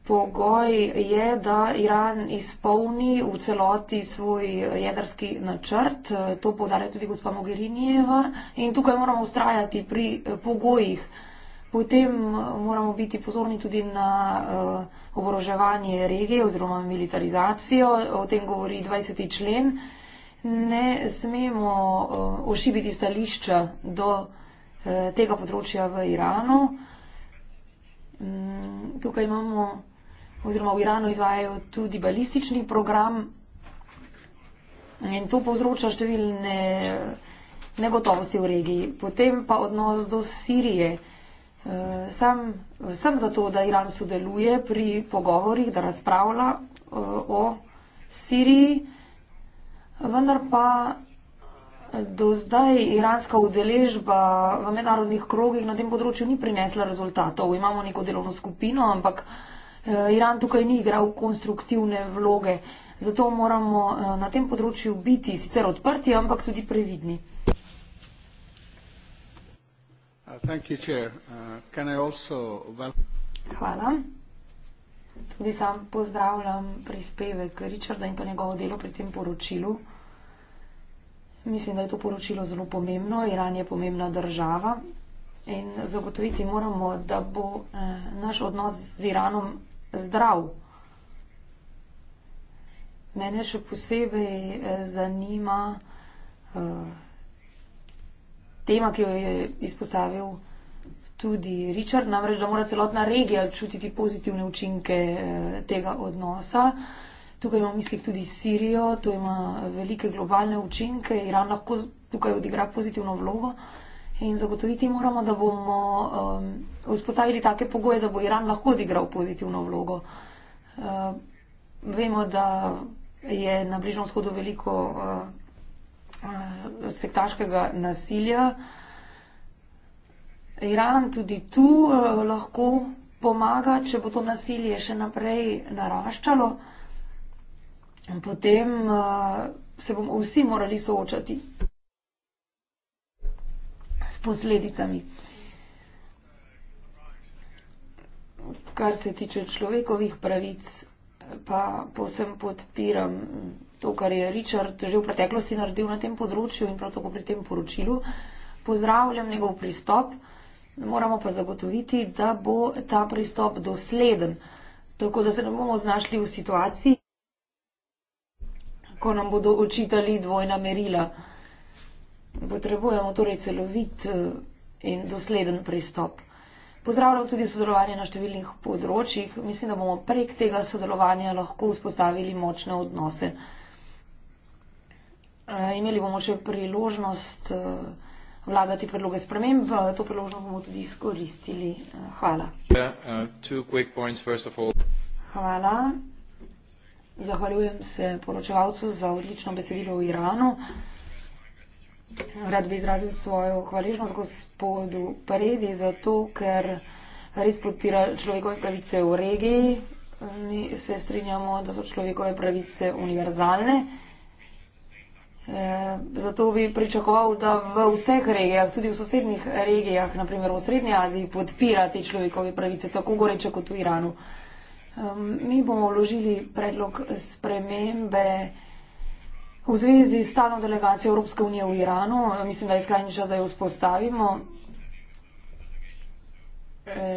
pogoj je, da Iran izpolni v celoti svoj jedrski načrt, to podarja tudi gospa Mogherinijeva in tukaj moramo ustrajati pri eh, pogojih. Potem eh, moramo biti pozorni tudi na uh, oboroževanje regije oziroma militarizacijo, o tem govori 20. člen. Ne smemo uh, ošibiti stališča do uh, tega področja v Iranu. Um, tukaj imamo oziroma v Iranu izvajajo tudi balistični program in to povzroča številne negotovosti v regiji. Potem pa odnos do Sirije. Eh, sam sem zato, da Iran sodeluje pri pogovorih, da razpravlja eh, o Siriji, vendar pa do zdaj iranska udeležba v mednarodnih krogih na tem področju ni prinesla rezultatov. Imamo neko delovno skupino, ampak uh, Eh, Iran tukaj ni igral konstruktivne vloge. Zato moramo eh, na tem področju biti sicer odprti, ampak tudi previdni. Uh, uh, Hvala. Tudi sam pozdravljam prispevek Richarda in pa njegovo delo pri tem poročilu. Mislim, da je to poročilo zelo pomembno. Iran je pomembna država in zagotoviti moramo, da bo eh, naš odnos z Iranom zdrav. Mene še posebej eh, zanima uh, tema, ki jo je izpostavil tudi Richard, namreč, da mora celotna regija čutiti pozitivne učinke uh, tega odnosa. Tukaj imamo v mislih tudi Sirijo, to ima velike globalne učinke, Iran lahko tukaj odigra pozitivno vlogo. Uh, In zagotoviti moramo, da bomo um, vzpostavili take pogoje, da bo Iran lahko odigral pozitivno vlogo. Uh, vemo, da je na Bližnjem vzhodu veliko uh, uh, sektaškega nasilja. Iran tudi tu uh, lahko pomaga, če bo to nasilje še naprej naraščalo. Potem uh, se bomo vsi morali soočati posledicami. Kar se tiče človekovih pravic, pa povsem podpiram to, kar je Richard že v preteklosti naredil na tem področju in prav tako pri tem poročilu. Pozdravljam njegov pristop, moramo pa zagotoviti, da bo ta pristop dosleden, tako da se ne bomo znašli v situaciji, ko nam bodo očitali dvojna merila. Potrebujemo torej celovit eh, in dosleden pristop. Pozdravljam tudi sodelovanje na številnih področjih. Mislim, da bomo prek tega sodelovanja lahko vzpostavili močne odnose. Eh, imeli bomo še priložnost eh, vlagati predloge sprememb, to priložnost bomo tudi izkoristili. Hvala. Uh, hvala. Zahvaljujem se poročevalcu za odlično besedilo o Iranu. Rad bi izrazil svojo hvaležnost gospodu Predi za to, ker res podpira človekove pravice v regiji. Mi se strinjamo, da so človekove pravice univerzalne. Eh, zato bi pričakoval, da v vseh regijah, tudi v sosednjih regijah, naprimer v Srednji Aziji, podpira te človekove pravice, tako goreče kot v Iranu. Ehm, mi bomo vložili predlog spremembe. V zvezi s stalno delegacijo Evropske unije v Iranu, mislim, da je skrajni čas, da jo vzpostavimo. E,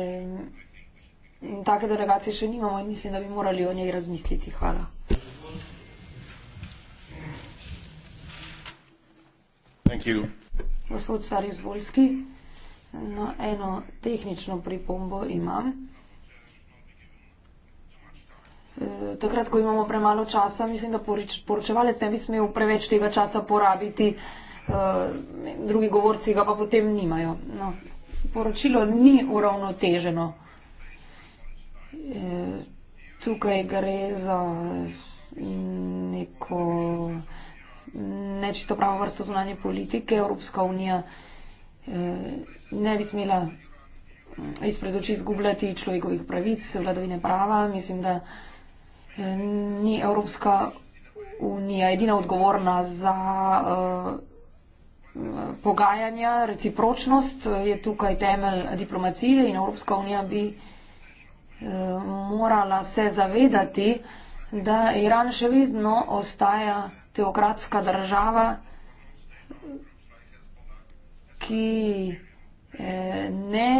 take delegacije še nimamo in mislim, da bi morali o njej razmisliti. Hvala. Thank you. Gospod Sarjus Volski, no, eno tehnično pripombo imam. Eh, takrat, ko imamo premalo časa, mislim, da porič, poročevalec ne bi smel preveč tega časa porabiti, eh, drugi govorci ga pa potem nimajo. No, poročilo ni uravnoteženo. Eh, tukaj gre za neko nečisto pravo vrsto zunanje politike. Evropska unija ne bi smela mm, izpred oči izgubljati človekovih pravic, vladavine prava. Mislim, da ni Evropska unija edina odgovorna za eh, pogajanja, recipročnost je tukaj temelj diplomacije in Evropska unija bi eh, morala se zavedati, da Iran še vedno ostaja teokratska država, ki je ne,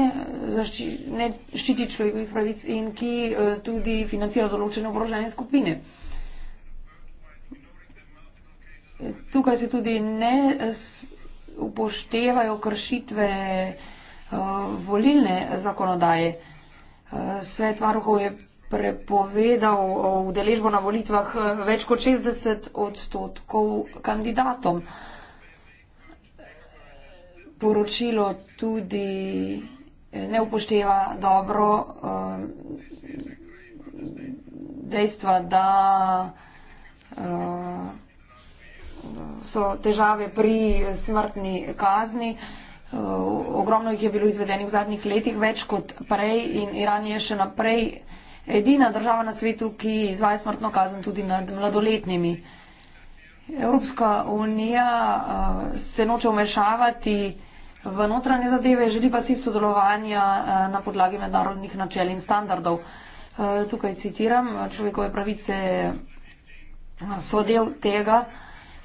zaščiti, ne ščiti človekovih pravic in ki eh, tudi financira določene oborožene skupine. Tukaj se tudi ne upoštevajo kršitve eh, volilne zakonodaje. Eh, Svet varuhov je prepovedal udeležbo na volitvah več kot 60 odstotkov kandidatom poročilo tudi eh, ne upošteva dobro eh, dejstva, da eh, so težave pri smrtni kazni. Ogromno jih je bilo izvedenih v zadnjih letih, več kot prej in Iran je še naprej edina država na svetu, ki izvaja smrtno kazen tudi nad mladoletnimi. Evropska unija se noče vmešavati v V notranje zadeve želi pa si sodelovanja eh, na podlagi mednarodnih načel in standardov. Eh, tukaj citiram, eh, človekove pravice so del tega.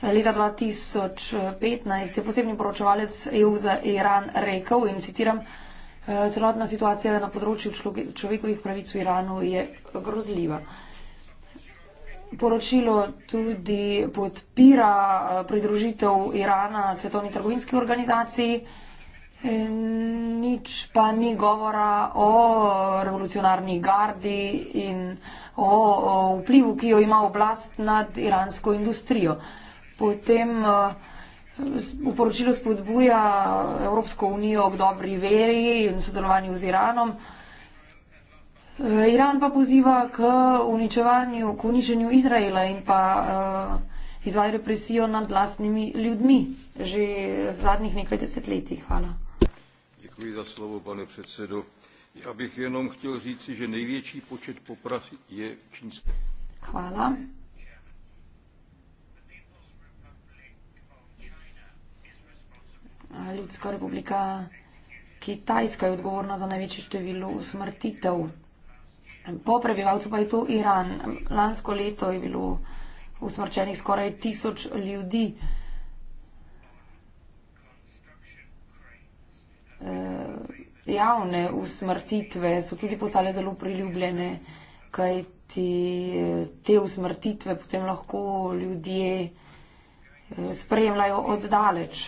Leta 2015 je posebni poročevalec EU za Iran rekel in citiram, celotna situacija na področju človekovih pravic v Iranu je grozljiva. Poročilo tudi podpira pridružitev Irana svetovni trgovinski organizaciji. E, nič pa ni govora o revolucionarni gardi in o, o vplivu, ki jo ima oblast nad iransko industrijo. Potem e, v poročilu spodbuja Evropsko unijo k dobri veri in sodelovanju z Iranom. E, Iran pa poziva k uničevanju, k uničenju Izraela in pa uh, izvaja represijo nad lastnimi ljudmi že zadnjih nekaj desetletij. Hvala. Děkuji za slovo, pane předsedo. Já bych jenom chtěl říci, že největší počet poprav je v Čínské. Chvála. Ljudska republika Kitajska je odgovorna za največje število usmrtitev. Po prebivalcu pa je to Iran. Lansko leto je bilo usmrčenih skoraj tisoč ljudi. Javne usmrtitve so tudi postale zelo priljubljene, kaj ti eh, te usmrtitve potem lahko ljudje eh, spremljajo oddaleč.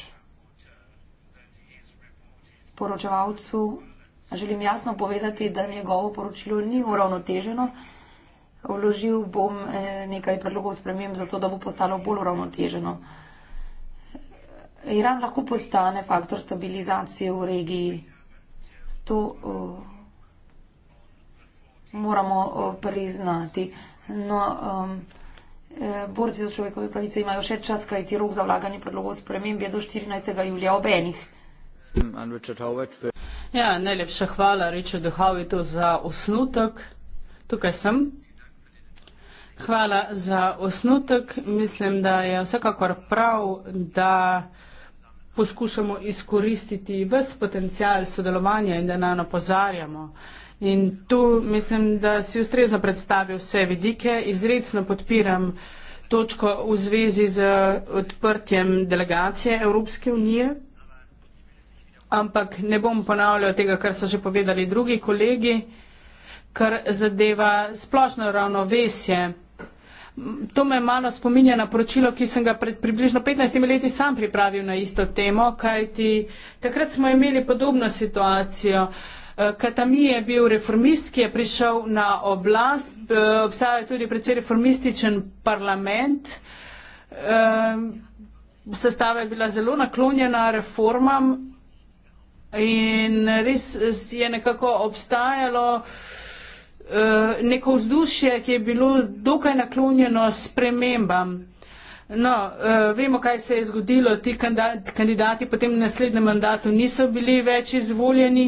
Poročevalcu želim jasno povedati, da njegovo poročilo ni uravnoteženo. Vložil bom eh, nekaj predlogov sprememb zato, da bo postalo bolj uravnoteženo. Iran lahko postane faktor stabilizacije v regiji to moramo priznati. No, um, e, borci za človekove pravice imajo še čas, kaj ti rok za vlaganje predlogov sprememb je do 14. julija obenih. Ja, najlepša hvala Richardu Howitu za osnutek. Tukaj sem. Hvala za osnutek. Mislim, da je vsekakor prav, da poskušamo izkoristiti ves potencial sodelovanja in da na njo pozarjamo. In tu mislim, da si ustrezno predstavil vse vidike. Izredno podpiram točko v zvezi z odprtjem delegacije Evropske unije, ampak ne bom ponavljal tega, kar so že povedali drugi kolegi, kar zadeva splošno ravnovesje. To me malo spominja na poročilo, ki sem ga pred približno 15 leti sam pripravil na isto temo, kajti takrat smo imeli podobno situacijo. Eh, Katami je bil reformist, ki je prišel na oblast, eh, obstaja tudi predvsej reformističen parlament. Eh, sestava je bila zelo naklonjena reformam in res je nekako obstajalo. Eh, neko vzdušje, ki je bilo dokaj naklonjeno spremembam. No, eh, vemo, kaj se je zgodilo, ti kandidati potem v naslednjem mandatu niso bili več izvoljeni,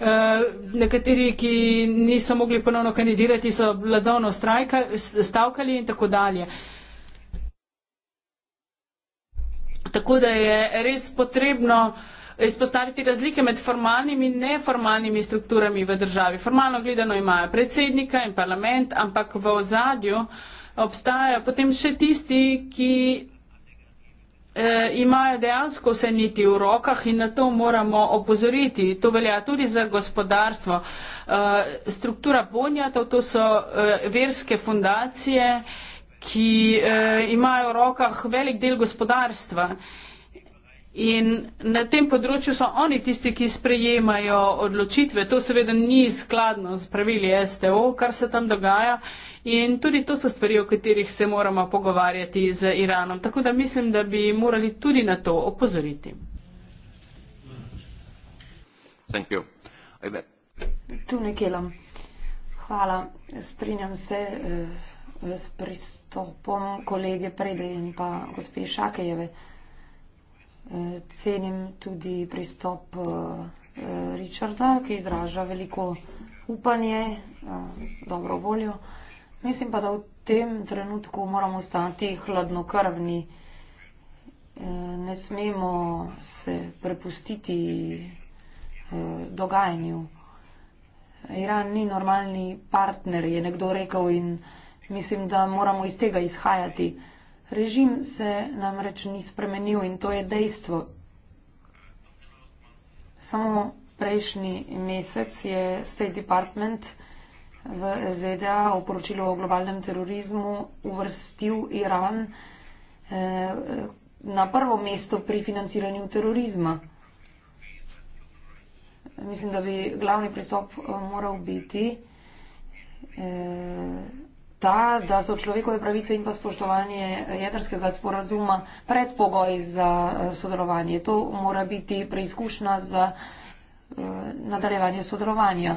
eh, nekateri, ki niso mogli ponovno kandidirati, so vladovno stavkali in tako dalje. Tako da je res potrebno uh, izpostaviti razlike med formalnimi in neformalnimi strukturami v državi. Formalno gledano imajo predsednika in parlament, ampak v ozadju obstajajo potem še tisti, ki eh, imajo dejansko vse niti v rokah in na to moramo opozoriti. To velja tudi za gospodarstvo. Eh, struktura bonjatov, to so eh, verske fundacije, ki eh, imajo v rokah velik del gospodarstva. In na tem področju so oni tisti, ki sprejemajo odločitve. To seveda ni skladno z pravili STO, kar se tam dogaja. In tudi to so stvari, o katerih se moramo pogovarjati z Iranom. Tako da mislim, da bi morali tudi na to opozoriti. Tu nekelam. Hvala. Strinjam se eh, s pristopom kolege Prede in pa gospe Šakejeve. Eh, cenim tudi pristop eh, Richarda, ki izraža veliko upanje, eh, dobro voljo. Mislim pa, da v tem trenutku moramo stati hladnokrvni. Eh, ne smemo se prepustiti dogajanju. Iran ni normalni partner, je nekdo rekel in mislim, da moramo iz tega izhajati. Režim se namreč ni spremenil in to je dejstvo. Samo prejšnji mesec je State Department v ZDA v poročilo o globalnem terorizmu uvrstil Iran eh, na prvo mesto pri financiranju terorizma. Mislim, da bi glavni pristop eh, moral biti. Eh, ta, da so človekove pravice in pa spoštovanje jedrskega sporazuma predpogoj za eh, sodelovanje. To mora biti preizkušnja za eh, nadaljevanje sodelovanja.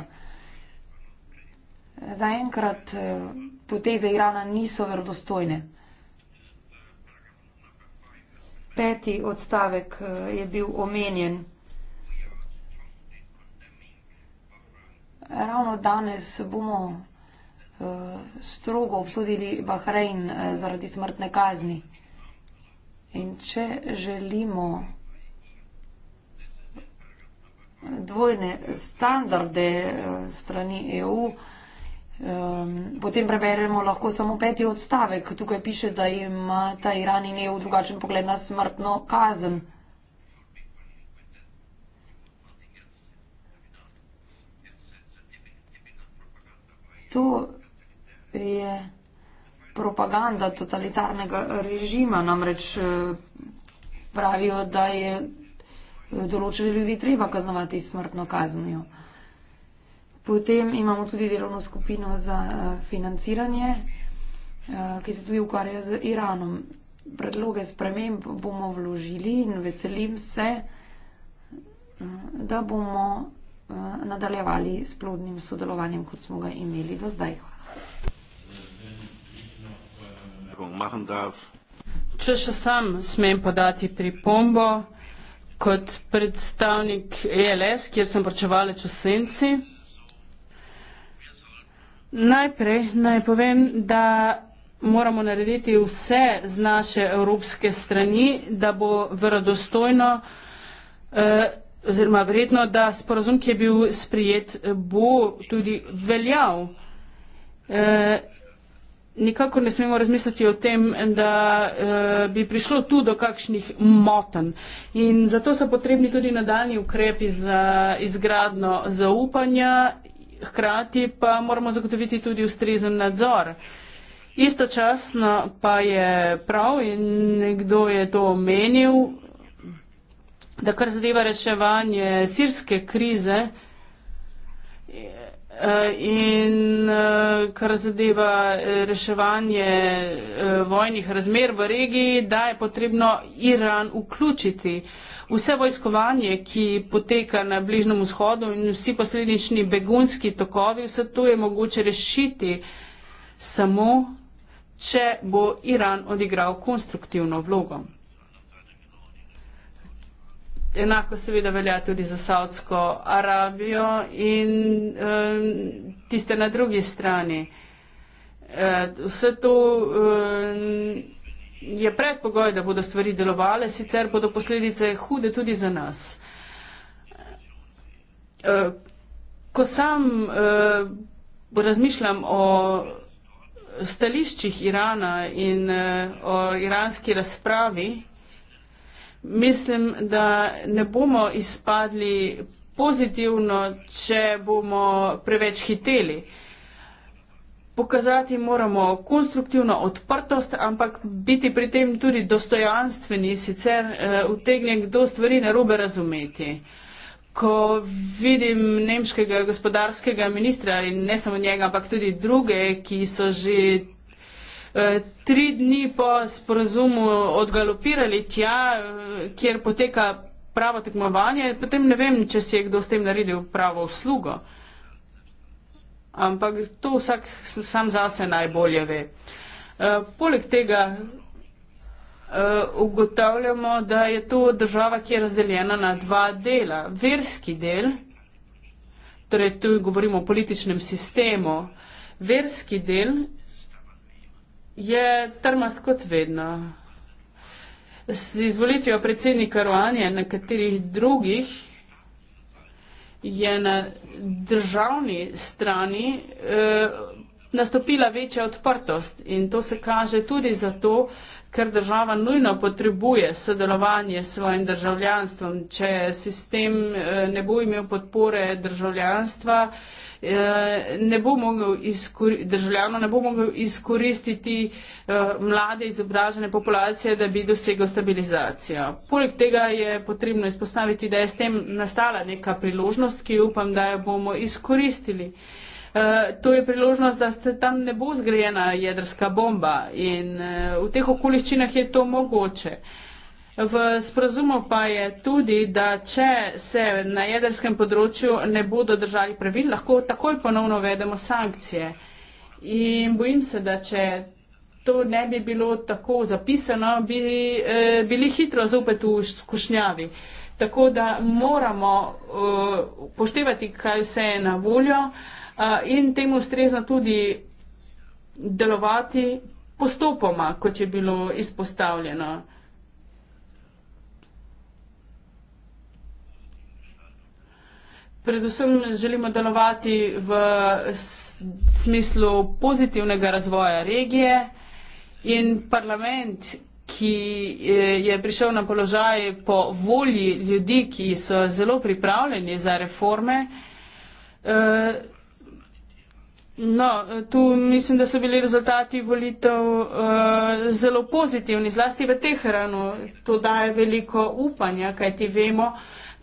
Zaenkrat eh, poteze Irana niso verodostojne. Peti odstavek je bil omenjen. Ravno danes bomo Eh, strogo obsodili Bahrein eh, zaradi smrtne kazni. In če želimo dvojne standarde eh, strani EU, potem preberemo lahko samo peti odstavek. Tukaj piše, da ima ta Iran in EU drugačen pogled na smrtno kazen. To je propaganda totalitarnega režima. Namreč eh, pravijo, da je eh, določene ljudi treba kaznovati s smrtno kaznijo. Potem imamo tudi delovno skupino za eh, financiranje, ki se tudi ukvarja z Iranom. Predloge sprememb bomo vložili in veselim se, da bomo nadaljevali s plodnim sodelovanjem, kot smo ga imeli do zdaj. Hvala. Če še sam smem podati pripombo, kot predstavnik ELS, kjer sem pričevalec v senci, najprej naj povem, da moramo narediti vse z naše evropske strani, da bo verodostojno eh, oziroma vredno, da sporozum, ki je bil sprijet, bo tudi veljav. Eh, nikakor ne smemo razmisliti o tem, da uh, bi prišlo tu do kakšnih moten. In zato so potrebni tudi nadaljni ukrepi za izgradno zaupanja, hkrati pa moramo zagotoviti tudi ustrezen nadzor. Istočasno pa je prav in nekdo je to omenil, da kar zadeva reševanje sirske krize, Eh, in eh, kar zadeva eh, reševanje vojnih razmer v regiji, da je potrebno Iran vključiti. Vse vojskovanje, ki poteka na Bližnjem vzhodu in vsi posledični begunski tokovi, vse to je mogoče rešiti samo, če bo Iran odigral konstruktivno vlogo enako seveda velja tudi za Saudsko Arabijo in um, tiste na drugi strani. E, vse to um, je predpogoj, da bodo stvari delovale, sicer bodo posledice hude tudi za nas. E, ko sam e, razmišljam o stališčih Irana in e, o iranski razpravi, mislim, da ne bomo izpadli pozitivno, če bomo preveč hiteli. Pokazati moramo konstruktivno odprtost, ampak biti pri tem tudi dostojanstveni, sicer eh, utegne kdo stvari narobe razumeti. Ko vidim nemškega gospodarskega ministra in ne samo njega, ampak tudi druge, ki so že Eh, tri dni po sporazumu odgalopirali tja, eh, kjer poteka pravo tekmovanje, potem ne vem, če si je kdo s tem naredil pravo uslugo. Ampak to vsak sam zase najbolje ve. Eh, poleg tega ugotavljamo, da je to država, ki je razdeljena na dva dela. Verski del, torej tu govorimo o političnem sistemu, verski del je trmast kot vedno. Z izvolitvijo predsednika Ruanje in nekaterih drugih je na državni strani eh, nastopila večja odprtost in to se kaže tudi zato, ker država nujno potrebuje sodelovanje s svojim državljanstvom. Če sistem eh, ne bo imel podpore državljanstva, eh, ne bo mogel državljano ne bo mogel izkoristiti eh, mlade izobražene populacije, da bi dosegel stabilizacijo. Poleg tega je potrebno izpostaviti, da je s tem nastala neka priložnost, ki upam, da jo bomo izkoristili. Eh, to je priložnost, da tam ne bo zgrajena jedrska bomba in eh, v teh okoliščinah je to mogoče. V sporazumu pa je tudi, da če se na jedrskem področju ne bodo držali pravil, lahko takoj ponovno vedemo sankcije. In bojim se, da če to ne bi bilo tako zapisano, bi eh, bili hitro zopet v skušnjavi. Tako da moramo eh, poštevati, kaj vse je na voljo. Eh, in temu ustreza tudi delovati postopoma, kot je bilo izpostavljeno. Predvsem želimo delovati v smislu pozitivnega razvoja regije in parlament, ki eh, je prišel na položaj po volji ljudi, ki so zelo pripravljeni za reforme, eh, No, tu mislim, da so bili rezultati volitev uh, zelo pozitivni, zlasti v Teheranu. To daje veliko upanja, kaj ti vemo,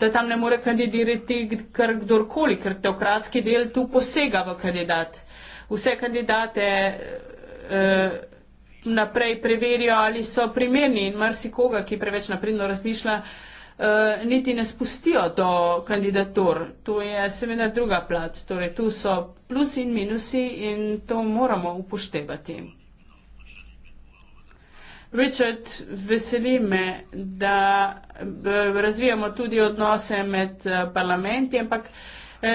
da tam ne more kandidirati kar kdorkoli, ker teokratski del tu posega v kandidat. Vse kandidate uh, naprej preverijo, ali so primerni in marsikoga, ki preveč napredno razmišlja, uh, Eh, niti ne spustijo do kandidatur. To je seveda druga plat. Torej, tu so plusi in minusi in to moramo upoštevati. Richard, veseli me, da eh, razvijamo tudi odnose med eh, parlamenti, ampak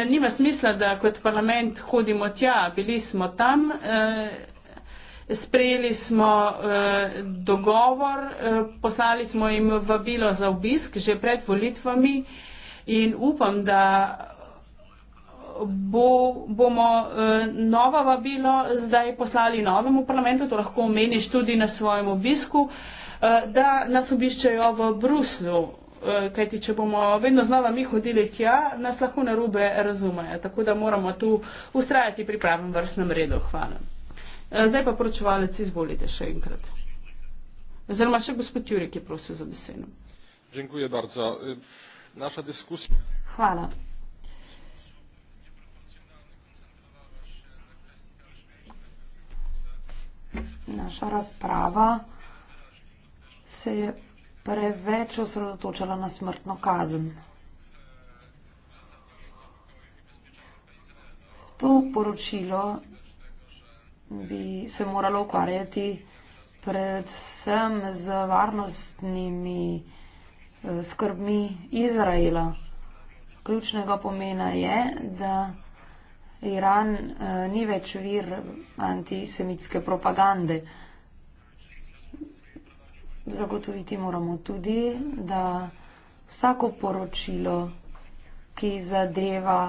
nima smisla, da kot parlament hodimo tja, bili smo tam. Eh, Sprejeli smo eh, dogovor, eh, poslali smo jim vabilo za obisk že pred volitvami in upam, da bo, bomo eh, novo vabilo zdaj poslali novemu parlamentu, to lahko omeniš tudi na svojem obisku, eh, da nas obiščajo v Bruslu. Eh, kajti, če bomo vedno znova mi hodili tja, nas lahko na rube razumejo. Tako da moramo tu ustrajati pri pravem vrstnem redu. Hvala. Eh, zdaj pa poročevalec, izvolite še enkrat. Oziroma še gospod Jurek je prosil za besedo. Dziękuję bardzo. Nasza dyskusja. Chwala. Nasza rozprawa się preveč osredotoczyła na śmiertną kazę. To poruszyło bi se moralo ukvarjati predvsem z varnostnimi eh, skrbmi Izraela. Ključnega pomena je, da Iran eh, ni več vir antisemitske propagande. Zagotoviti moramo tudi, da vsako poročilo, ki zadeva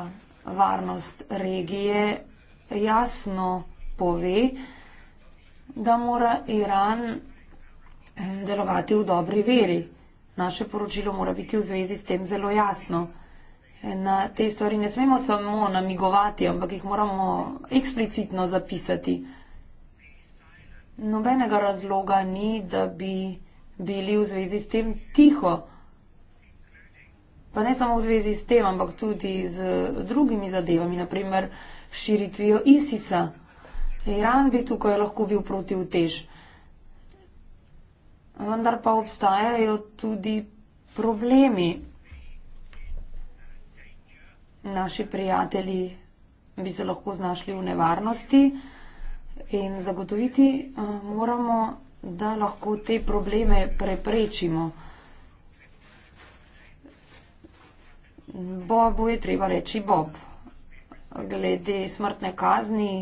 varnost regije, jasno pove, da mora Iran eh, delovati v dobri veri. Naše poročilo mora biti v zvezi s tem zelo jasno. Eh, na te stvari ne smemo samo namigovati, ampak jih moramo eksplicitno zapisati. Nobenega razloga ni, da bi bili v zvezi s tem tiho. Pa ne samo v zvezi s tem, ampak tudi z drugimi zadevami, naprimer širitvijo ISIS-a. Iran bi tukaj lahko bil proti utež. Vendar pa obstajajo tudi problemi. Naši prijatelji bi se lahko znašli v nevarnosti in zagotoviti eh, moramo, da lahko te probleme preprečimo. Bobu je treba reči Bob. Glede smrtne kazni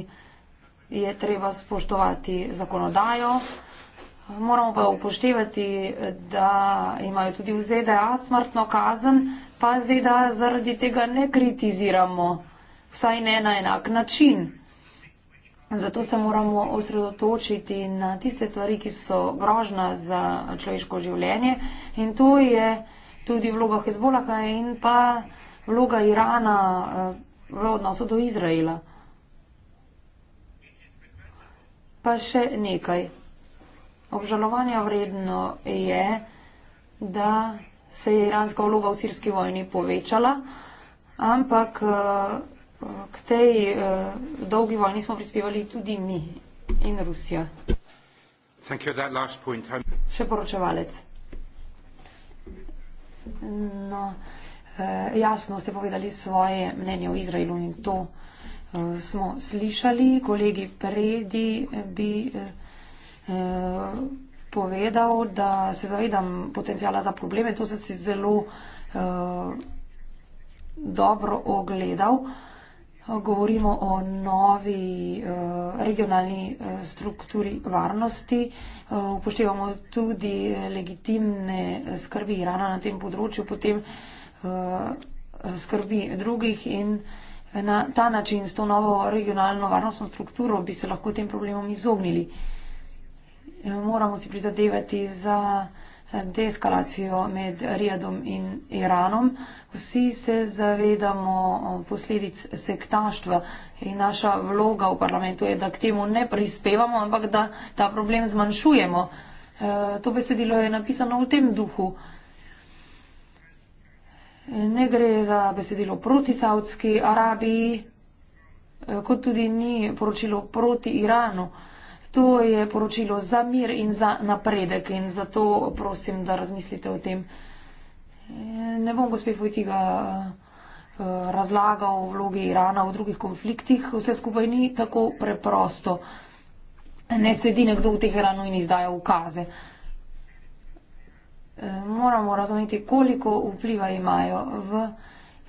je treba spoštovati zakonodajo. Moramo pa upoštevati, da imajo tudi v ZDA smrtno kazen, pa ZDA zaradi tega ne kritiziramo, vsaj ne na enak način. Zato se moramo osredotočiti na tiste stvari, ki so grožna za človeško življenje in to je tudi vloga Hezbolaha in pa vloga Irana eh, v odnosu do Izraela. pa še nekaj. Obžalovanja vredno je, da se je iranska vloga v sirski vojni povečala, ampak eh, k tej eh, dolgi vojni smo prispevali tudi mi in Rusija. Um, še poročevalec. No, eh, jasno ste povedali svoje mnenje o Izraelu in to. Eh, smo slišali. Kolegi predi bi eh, eh, povedal, da se zavedam potencijala za probleme, to sem si zelo dobro ogledal. Govorimo o novi regionalni strukturi varnosti. Upoštevamo tudi legitimne skrbi Irana na tem področju, potem skrbi drugih in na ta način, s to novo regionalno varnostno strukturo, bi se lahko tem problemom izognili. Moramo si prizadevati za deeskalacijo med Rijadom in Iranom. Vsi se zavedamo eh, posledic sektaštva in naša vloga v parlamentu je, da k temu ne prispevamo, ampak da ta problem zmanjšujemo. Eh, to besedilo je napisano v tem duhu ne gre za besedilo proti Saudski Arabiji, eh, kot tudi ni poročilo proti Iranu. To je poročilo za mir in za napredek in zato prosim, da razmislite o tem. Eh, ne bom gospe Fojtiga eh, razlagal o vlogi Irana v drugih konfliktih, vse skupaj ni tako preprosto. Ne sedi nekdo v Teheranu in izdaja ukaze moramo razumeti, koliko vpliva imajo. V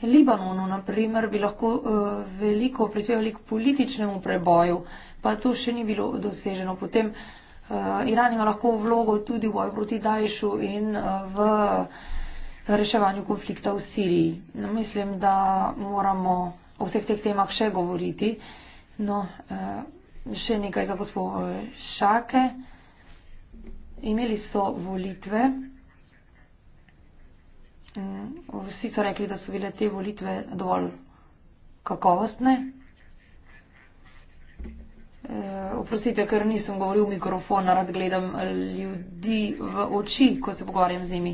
Libanonu, na primer, bi lahko eh, veliko prispevali k političnemu preboju, pa to še ni bilo doseženo. Potem eh, Iran ima lahko vlogo tudi v boju proti Dajšu in eh, v reševanju konflikta v Siriji. Mislim, da moramo o vseh teh temah še govoriti. No, še nekaj za gospod Šake. Imeli so volitve. Eh, vsi so rekli, da so bile te volitve dovolj kakovostne. E, oprostite, ker nisem govoril v mikrofon, rad gledam ljudi v oči, ko se pogovarjam z njimi.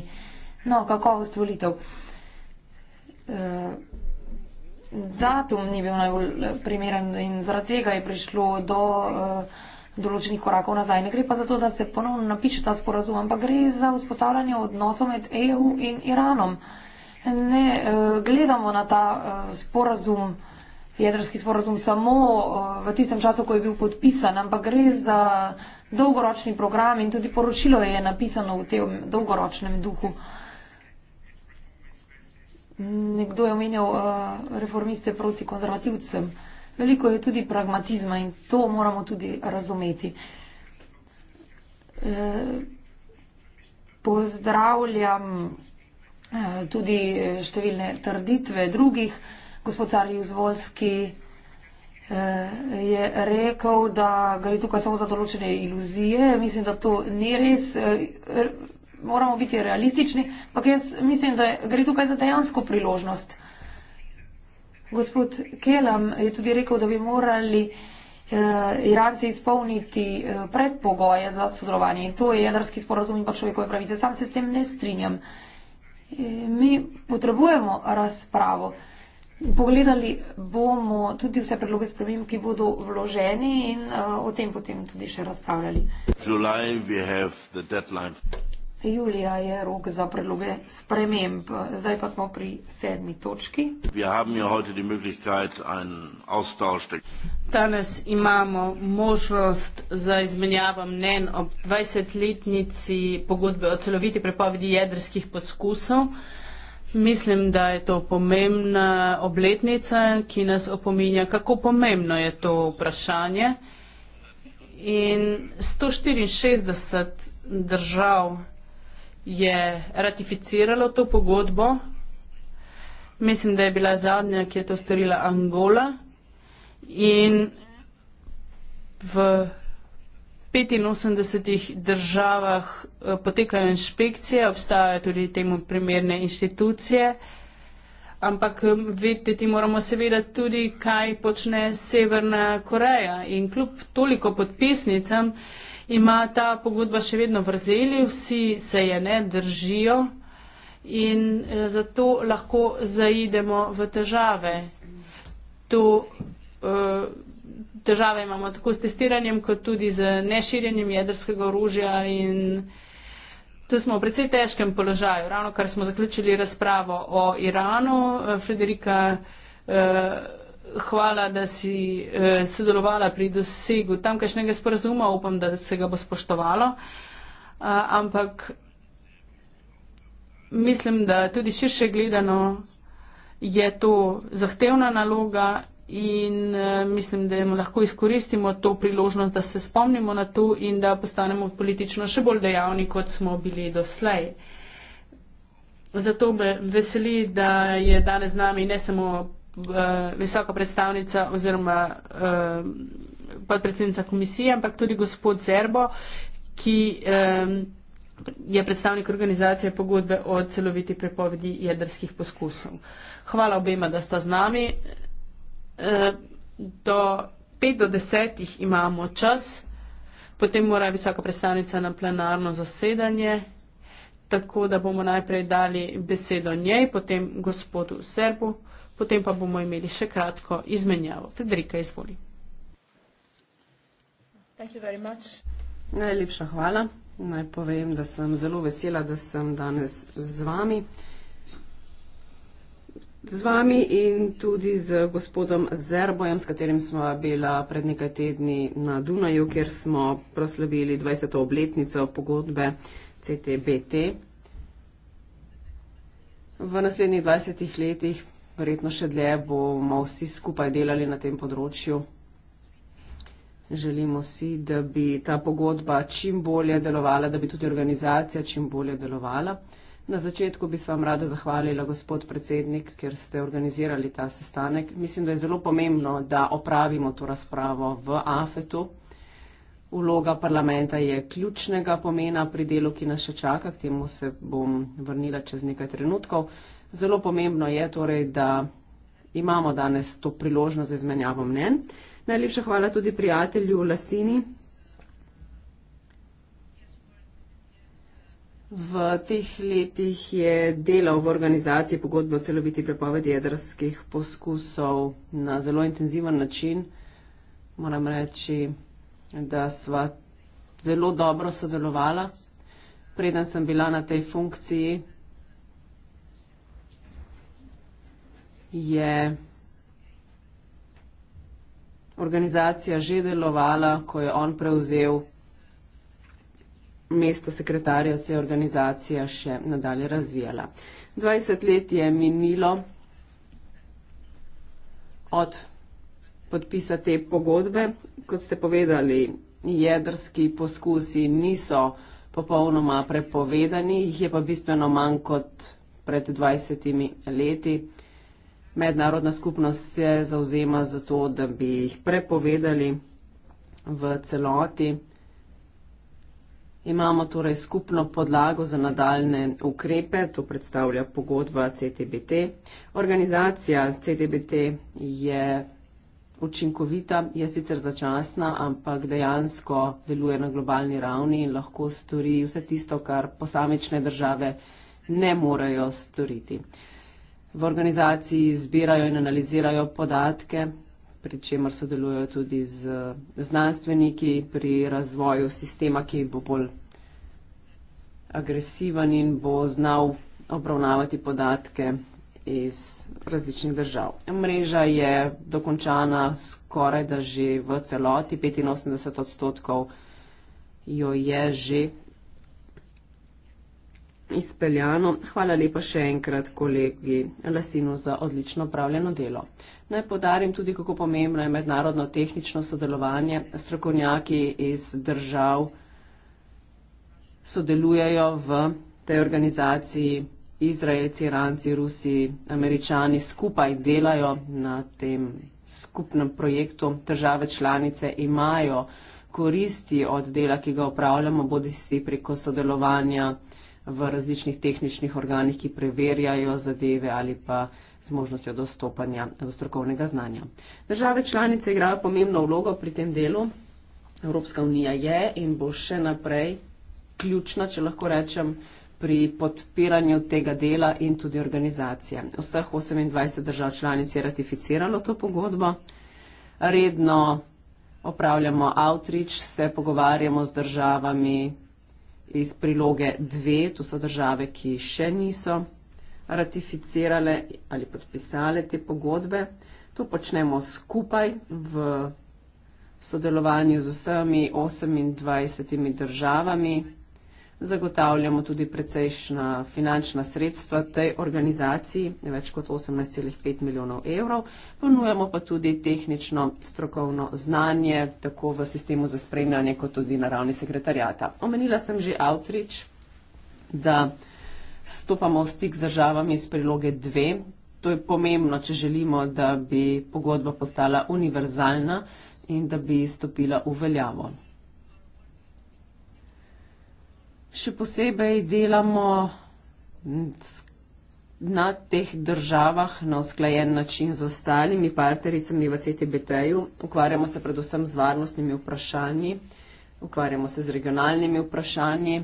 No, kakovost volitev. E, datum ni bil najbolj primeren in zaradi tega je prišlo do. E, določenih korakov nazaj. Ne gre pa za to, da se ponovno napiše ta sporazum, ampak gre za vzpostavljanje odnosov med EU in Iranom. Ne eh, gledamo na ta eh, sporazum, jedrski sporazum, samo eh, v tistem času, ko je bil podpisan, ampak gre za dolgoročni program in tudi poročilo je napisano v tem dolgoročnem duhu. Nekdo je omenjal reformiste proti konzervativcem veliko je tudi pragmatizma in to moramo tudi razumeti. E, pozdravljam e, tudi številne trditve drugih. Gospod Carij Zvolski e, je rekel, da gre tukaj samo za določene iluzije. Mislim, da to ni res. Moramo biti realistični, ampak jaz mislim, da gre tukaj za dejansko priložnost. Gospod Kelam je tudi rekel, da bi morali eh, Iranci izpolniti eh, predpogoje za sodelovanje in to je jedrski sporozum in pa človekove pravice. Sam se s tem ne strinjam. E, mi potrebujemo razpravo. Pogledali bomo tudi vse predloge sprememb, ki bodo vloženi in uh, o tem potem tudi še razpravljali. July, Julija je rok za predloge sprememb. Zdaj pa smo pri sedmi točki. Ja Danes imamo možnost za izmenjavo mnen ob 20-letnici pogodbe o celoviti prepovedi jedrskih poskusov. Mislim, da je to pomembna obletnica, ki nas opominja, kako pomembno je to vprašanje. In 164 držav je ratificiralo to pogodbo. Mislim, da je bila zadnja, ki je to storila Angola in v 85 državah eh, potekajo inšpekcije, obstajajo tudi temu primerne inštitucije, ampak eh, vedeti moramo seveda tudi, kaj počne Severna Koreja in kljub toliko podpisnicam, ima ta pogodba še vedno vrzeli, vsi se je ne držijo in eh, zato lahko zaidemo v težave. To, eh, težave imamo tako s testiranjem, kot tudi z neširjenjem jedrskega orožja in tu smo v precej težkem položaju. Ravno kar smo zaključili razpravo o Iranu, eh, Frederika hvala, da si eh, sodelovala pri dosegu tamkajšnjega sporazuma. Upam, da se ga bo spoštovalo. Eh, ampak mislim, da tudi širše gledano je to zahtevna naloga in eh, mislim, da lahko izkoristimo to priložnost, da se spomnimo na to in da postanemo politično še bolj dejavni, kot smo bili doslej. Zato me veseli, da je danes z nami ne samo Eh, visoka predstavnica oziroma uh, podpredsednica komisije, ampak tudi gospod Zerbo, ki um, je predstavnik organizacije pogodbe o celoviti prepovedi jedrskih poskusov. Hvala obema, da sta z nami. Uh, do 5 do 10 imamo čas, potem mora visoka predstavnica na plenarno zasedanje. Tako da bomo najprej dali besedo njej, potem gospodu Serbu potem pa bomo imeli še kratko izmenjavo. Federika, izvoli. Najlepša hvala. Naj povem, da sem zelo vesela, da sem danes z vami. Z vami in tudi z gospodom Zerbojem, s katerim smo bila pred nekaj tedni na Dunaju, kjer smo proslavili 20. obletnico pogodbe CTBT. V naslednjih 20 letih verjetno še dlje bomo vsi skupaj delali na tem področju. Želimo si, da bi ta pogodba čim bolje delovala, da bi tudi organizacija čim bolje delovala. Na začetku bi se vam rada zahvalila, gospod predsednik, ker ste organizirali ta sestanek. Mislim, da je zelo pomembno, da opravimo to razpravo v AFET-u. Uloga parlamenta je ključnega pomena pri delu, ki nas še čaka, k temu se bom vrnila čez nekaj trenutkov. Zelo pomembno je torej, da imamo danes to priložnost za izmenjavo mnen. Najlepša hvala tudi prijatelju Lasini. V teh letih je delal v organizaciji pogodbe o celoviti prepovedi jedrskih poskusov na zelo intenziven način. Moram reči, da sva zelo dobro sodelovala. Preden sem bila na tej funkciji, je organizacija že delovala, ko je on prevzel mesto sekretarja, se je organizacija še nadalje razvijala. 20 let je minilo od podpisa te pogodbe. Kot ste povedali, jedrski poskusi niso popolnoma prepovedani, jih je pa bistveno manj kot pred 20 leti. Mednarodna skupnost se zauzema za to, da bi jih prepovedali v celoti. Imamo torej skupno podlago za nadaljne ukrepe, to predstavlja pogodba CTBT. Organizacija CTBT je učinkovita, je sicer začasna, ampak dejansko deluje na globalni ravni in lahko stori vse tisto, kar posamične države ne morejo storiti v organizaciji zbirajo in analizirajo podatke, pri čemer sodelujo tudi z znanstveniki pri razvoju sistema, ki bo bolj agresiven in bo znal obravnavati podatke iz različnih držav. Mreža je dokončana skoraj da že v celoti, 85 odstotkov jo je že izpeljano. Hvala lepa še enkrat kolegi Lasinu za odlično upravljeno delo. Naj podarim tudi, kako pomembno je mednarodno tehnično sodelovanje. Strokovnjaki iz držav sodelujejo v tej organizaciji. Izraelci, Iranci, Rusi, Američani skupaj delajo na tem skupnem projektu. Države članice imajo koristi od dela, ki ga upravljamo, bodi si preko sodelovanja v različnih tehničnih organih, ki preverjajo zadeve ali pa z možnostjo dostopanja do strokovnega znanja. Države članice igrajo pomembno vlogo pri tem delu. Evropska unija je in bo še naprej ključna, če lahko rečem, pri podpiranju tega dela in tudi organizacije. Vseh 28 držav članic je ratificiralo to pogodbo. Redno opravljamo outreach, se pogovarjamo z državami, iz priloge dve, to so države, ki še niso ratificirale ali podpisale te pogodbe. To počnemo skupaj v sodelovanju z vsemi 28 državami, zagotavljamo tudi precejšna finančna sredstva tej organizaciji, več kot 18,5 milijonov evrov. Ponujamo pa tudi tehnično strokovno znanje, tako v sistemu za spremljanje, kot tudi na ravni sekretarjata. Omenila sem že outreach, da stopamo v stik z državami iz priloge 2. To je pomembno, če želimo, da bi pogodba postala univerzalna in da bi stopila v veljavo. še posebej delamo na teh državah na usklajen način z ostalimi partnericami v CTBT-ju. Ukvarjamo se predvsem z varnostnimi vprašanji, ukvarjamo se z regionalnimi vprašanji.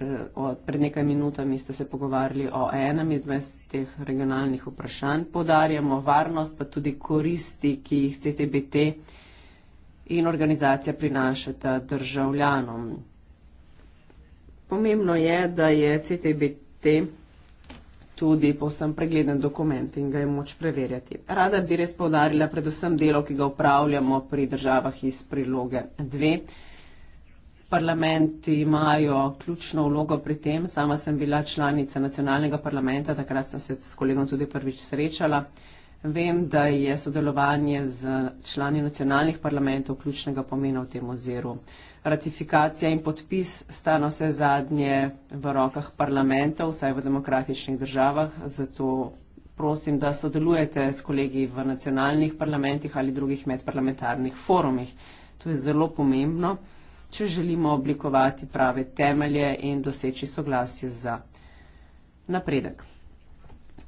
Pred nekaj minutami ste se pogovarjali o enem izmed teh regionalnih vprašanj. Podarjamo varnost, pa tudi koristi, ki jih CTBT in organizacija prinašata državljanom. Pomembno je, da je CTBT tudi povsem pregleden dokument in ga je moč preverjati. Rada bi res povdarila predvsem delo, ki ga upravljamo pri državah iz priloge 2. Parlamenti imajo ključno vlogo pri tem. Sama sem bila članica nacionalnega parlamenta, takrat sem se s kolegom tudi prvič srečala. Vem, da je sodelovanje z člani nacionalnih parlamentov ključnega pomena v tem oziru ratifikacija in podpis sta na vse zadnje v rokah parlamentov, vsaj v demokratičnih državah, zato prosim, da sodelujete s kolegi v nacionalnih parlamentih ali drugih medparlamentarnih forumih. To je zelo pomembno, če želimo oblikovati prave temelje in doseči soglasje za napredek.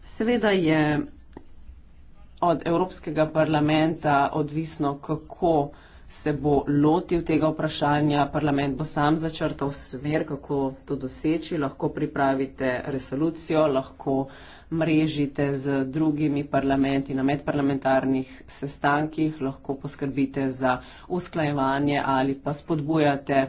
Seveda je od Evropskega parlamenta odvisno, kako se bo lotil tega vprašanja, parlament bo sam začrtal smer, kako to doseči, lahko pripravite resolucijo, lahko mrežite z drugimi parlamenti na medparlamentarnih sestankih, lahko poskrbite za usklajevanje ali pa spodbujate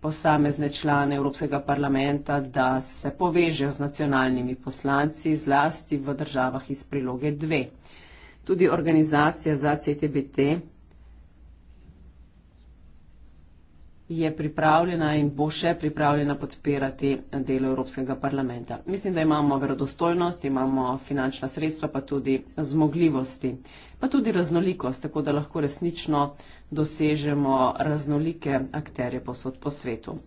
posamezne člane Evropskega parlamenta, da se povežejo z nacionalnimi poslanci, zlasti v državah iz priloge 2. Tudi organizacija za CTBT je pripravljena in bo še pripravljena podpirati delo Evropskega parlamenta. Mislim, da imamo verodostojnost, imamo finančna sredstva, pa tudi zmogljivosti, pa tudi raznolikost, tako da lahko resnično dosežemo raznolike akterje posod po svetu.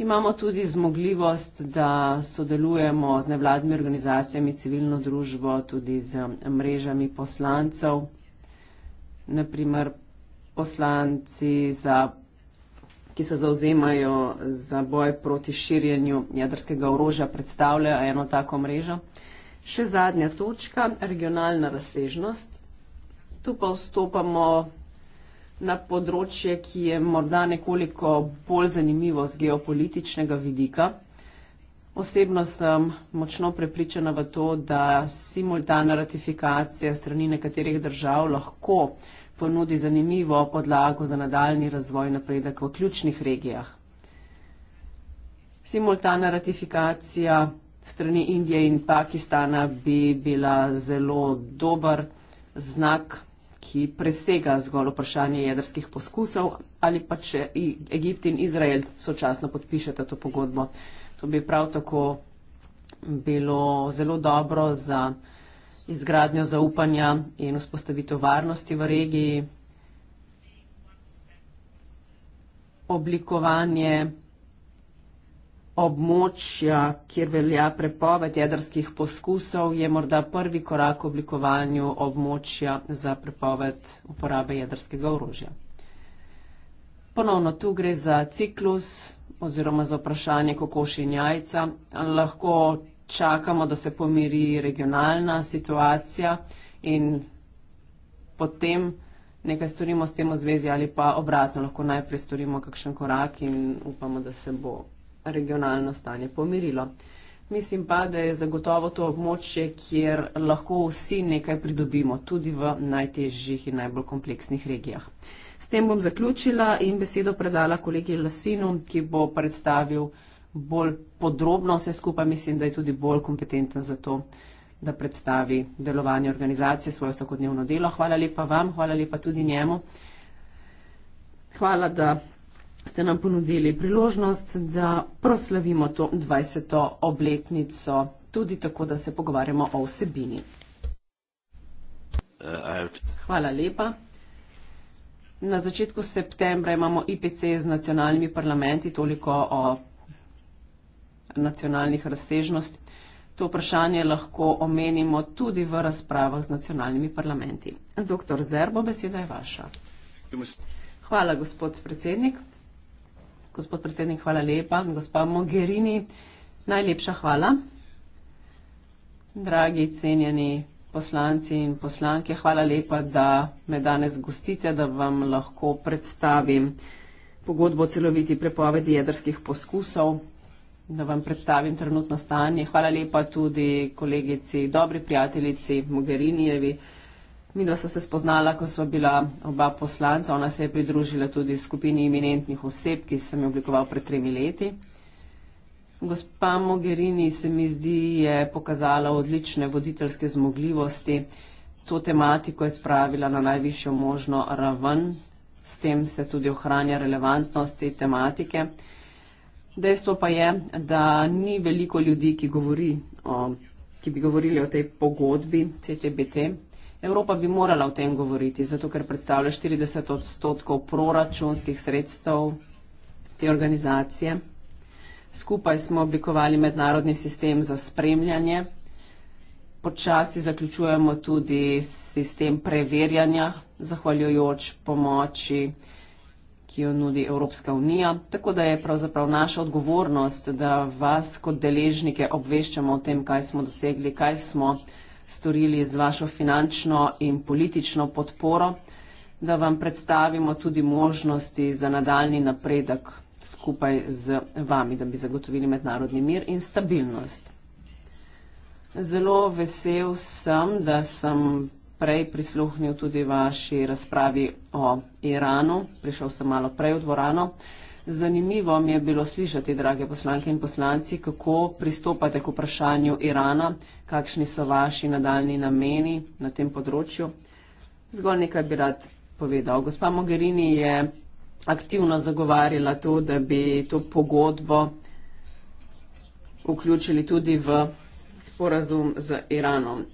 Imamo tudi zmogljivost, da sodelujemo z nevladnimi organizacijami, civilno družbo, tudi z mrežami poslancev, naprimer poslanci za ki se zauzemajo za boj proti širjenju jedrskega orožja, predstavljajo eno tako mrežo. Še zadnja točka, regionalna razsežnost. Tu pa vstopamo na področje, ki je morda nekoliko bolj zanimivo z geopolitičnega vidika. Osebno sem močno prepričana v to, da simultana ratifikacija strani nekaterih držav lahko ponudi zanimivo podlago za nadaljni razvoj napredek v ključnih regijah. Simultana ratifikacija strani Indije in Pakistana bi bila zelo dober znak, ki presega zgolj vprašanje jedrskih poskusov ali pa če Egipt in Izrael sočasno podpišete to pogodbo. To bi prav tako bilo zelo dobro za izgradnjo zaupanja in vzpostavitev varnosti v regiji, oblikovanje območja, kjer velja prepoved jedrskih poskusov, je morda prvi korak v oblikovanju območja za prepoved uporabe jedrskega orožja. Ponovno tu gre za ciklus oziroma za vprašanje kokoši in jajca. Lahko čakamo, da se pomiri regionalna situacija in potem nekaj storimo s tem v zvezi ali pa obratno, lahko najprej storimo kakšen korak in upamo, da se bo regionalno stanje pomirilo. Mislim pa, da je zagotovo to območje, kjer lahko vsi nekaj pridobimo, tudi v najtežjih in najbolj kompleksnih regijah. S tem bom zaključila in besedo predala kolegi Lasinu, ki bo predstavil bolj podrobno vse skupaj, mislim, da je tudi bolj kompetenten za to, da predstavi delovanje organizacije, svoje vsakodnevno delo. Hvala lepa vam, hvala lepa tudi njemu. Hvala, da ste nam ponudili priložnost, da proslavimo to 20. obletnico, tudi tako, da se pogovarjamo o vsebini. Hvala lepa. Na začetku septembra imamo IPC z nacionalnimi parlamenti, toliko o nacionalnih razsežnosti. To vprašanje lahko omenimo tudi v razpravah z nacionalnimi parlamenti. Doktor Zerbo, beseda je vaša. Hvala, gospod predsednik. Gospod predsednik, hvala lepa. Gospa Mogherini, najlepša hvala. Dragi cenjeni poslanci in poslanke, hvala lepa, da me danes gostite, da vam lahko predstavim pogodbo o celoviti prepovedi jedrskih poskusov, da vam predstavim trenutno stanje. Hvala lepa tudi kolegici, dobri prijateljici Mogherinijevi. Mi dva sva se spoznala, ko sva bila oba poslanca. Ona se je pridružila tudi skupini eminentnih oseb, ki sem jo oblikoval pred tremi leti. Gospa Mogherini se mi zdi je pokazala odlične voditeljske zmogljivosti. To tematiko je spravila na najvišjo možno raven. S tem se tudi ohranja relevantnost te tematike. Dejstvo pa je, da ni veliko ljudi, ki, govori, o, ki bi govorili o tej pogodbi CTBT. Evropa bi morala o tem govoriti, zato ker predstavlja 40 odstotkov proračunskih sredstev te organizacije. Skupaj smo oblikovali mednarodni sistem za spremljanje. Počasi zaključujemo tudi sistem preverjanja, zahvaljujoč pomoči ki jo nudi Evropska unija. Tako da je pravzaprav naša odgovornost, da vas kot deležnike obveščamo o tem, kaj smo dosegli, kaj smo storili z vašo finančno in politično podporo, da vam predstavimo tudi možnosti za nadaljni napredek skupaj z vami, da bi zagotovili mednarodni mir in stabilnost. Zelo vesel sem, da sem prej prisluhnil tudi vaši razpravi o Iranu. Prišel sem malo prej v dvorano. Zanimivo mi je bilo slišati, drage poslanke in poslanci, kako pristopate k vprašanju Irana, kakšni so vaši nadaljni nameni na tem področju. Zgolj nekaj bi rad povedal. Gospa Mogherini je aktivno zagovarjala to, da bi to pogodbo vključili tudi v sporazum z Iranom.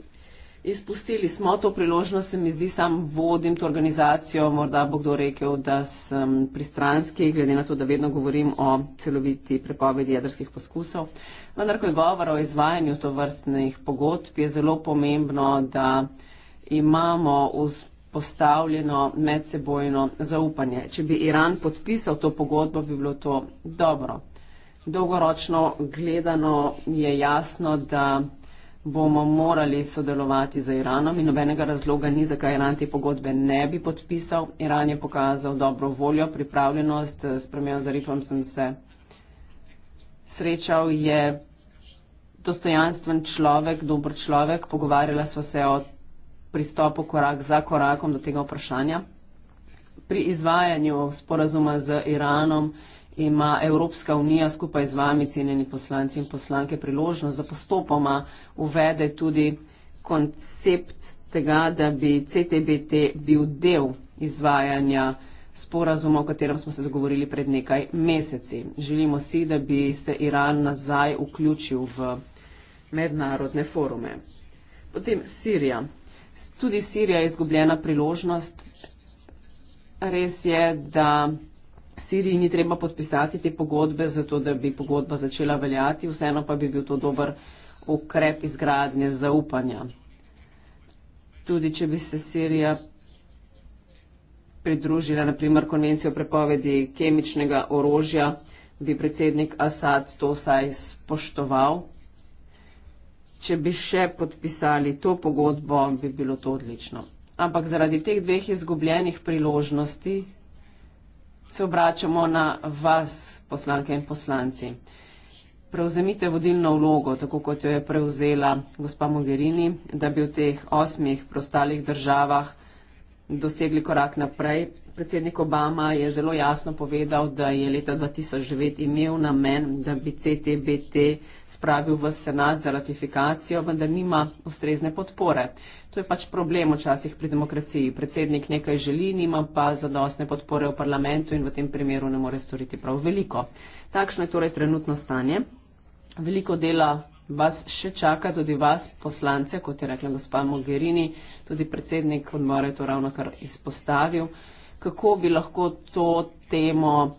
Izpustili smo to priložnost, se mi zdi, sam vodim to organizacijo, morda bo kdo rekel, da sem pristranski, glede na to, da vedno govorim o celoviti prepovedi jedrskih poskusov. Vendar, ko je govor o izvajanju to vrstnih pogodb, je zelo pomembno, da imamo vzpostavljeno medsebojno zaupanje. Če bi Iran podpisal to pogodbo, bi bilo to dobro. Dolgoročno gledano je jasno, da bomo morali sodelovati z Iranom in nobenega razloga ni, zakaj Iran te pogodbe ne bi podpisal. Iran je pokazal dobro voljo, pripravljenost, eh, s premijem Zarifom sem se srečal, je dostojanstven človek, dober človek, pogovarjala smo se o pristopu korak za korakom do tega vprašanja. Pri izvajanju sporazuma z Iranom ima Evropska unija skupaj z vami, cenjeni poslanci in poslanke, priložnost, da postopoma uvede tudi koncept tega, da bi CTBT bil del izvajanja sporazuma, o katerem smo se dogovorili pred nekaj meseci. Želimo si, da bi se Iran nazaj vključil v mednarodne forume. Potem Sirija. Tudi Sirija je izgubljena priložnost. Res je, da Siriji ni treba podpisati te pogodbe, zato da bi pogodba začela veljati, vseeno pa bi bil to dober ukrep izgradnje zaupanja. Tudi če bi se Sirija pridružila naprimer konvencijo o prepovedi kemičnega orožja, bi predsednik Assad to vsaj spoštoval. Če bi še podpisali to pogodbo, bi bilo to odlično. Ampak zaradi teh dveh izgubljenih priložnosti se obračamo na vas, poslanke in poslanci. Prevzemite vodilno vlogo, tako kot jo je prevzela gospa Mogherini, da bi v teh osmih prostalih državah dosegli korak naprej Predsednik Obama je zelo jasno povedal, da je leta 2009 imel namen, da bi CTBT spravil v senat za ratifikacijo, vendar nima ustrezne podpore. To je pač problem včasih pri demokraciji. Predsednik nekaj želi, nima pa zadostne podpore v parlamentu in v tem primeru ne more storiti prav veliko. Takšno je torej trenutno stanje. Veliko dela vas še čaka, tudi vas poslance, kot je rekla gospa Mogherini, tudi predsednik odmora je to ravno kar izpostavil kako bi lahko to temo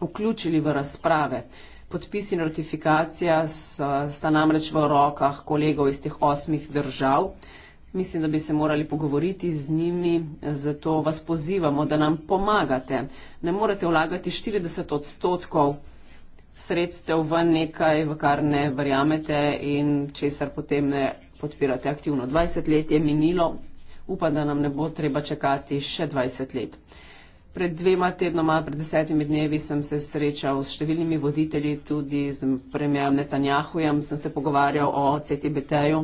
vključili v razprave. Podpisi in ratifikacija sta namreč v rokah kolegov iz teh osmih držav. Mislim, da bi se morali pogovoriti z njimi, zato vas pozivamo, da nam pomagate. Ne morete vlagati 40 odstotkov sredstev v nekaj, v kar ne verjamete in česar potem ne podpirate aktivno. 20 let je minilo, upam, da nam ne bo treba čakati še 20 let. Pred dvema tednoma, pred desetimi dnevi sem se srečal s številnimi voditelji, tudi z premijem Netanjahujem, sem se pogovarjal o CTBT-ju.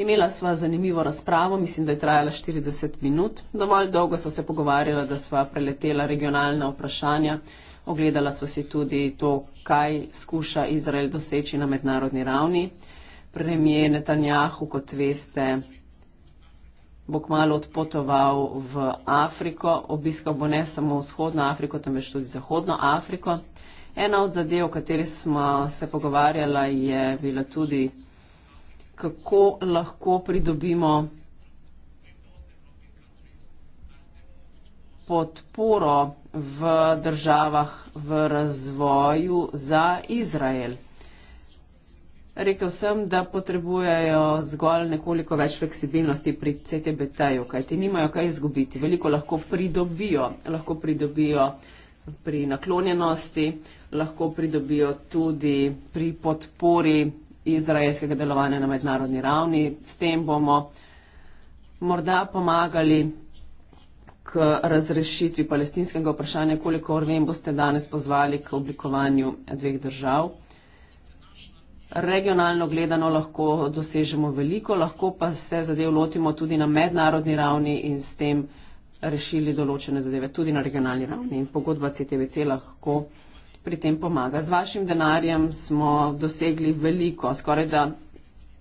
Imela sva zanimivo razpravo, mislim, da je trajala 40 minut. Dovolj dolgo sva se pogovarjala, da sva preletela regionalna vprašanja. Ogledala sva si tudi to, kaj skuša Izrael doseči na mednarodni ravni. Premijer Netanjahu, kot veste, bo kmalo odpotoval v Afriko, obiskal bo ne samo vzhodno Afriko, temveč tudi zahodno Afriko. Ena od zadev, o kateri smo se pogovarjala, je bila tudi, kako lahko pridobimo podporo v državah v razvoju za Izrael. Rekel sem, da potrebujejo zgolj nekoliko več fleksibilnosti pri CTBT-ju, kajti nimajo kaj izgubiti. Veliko lahko pridobijo. Lahko pridobijo pri naklonjenosti, lahko pridobijo tudi pri podpori izraelskega delovanja na mednarodni ravni. S tem bomo morda pomagali k razrešitvi palestinskega vprašanja. Kolikor vem, boste danes pozvali k oblikovanju dveh držav. Regionalno gledano lahko dosežemo veliko, lahko pa se zadev lotimo tudi na mednarodni ravni in s tem rešili določene zadeve tudi na regionalni ravni. In pogodba CTVC lahko pri tem pomaga. Z vašim denarjem smo dosegli veliko, skoraj da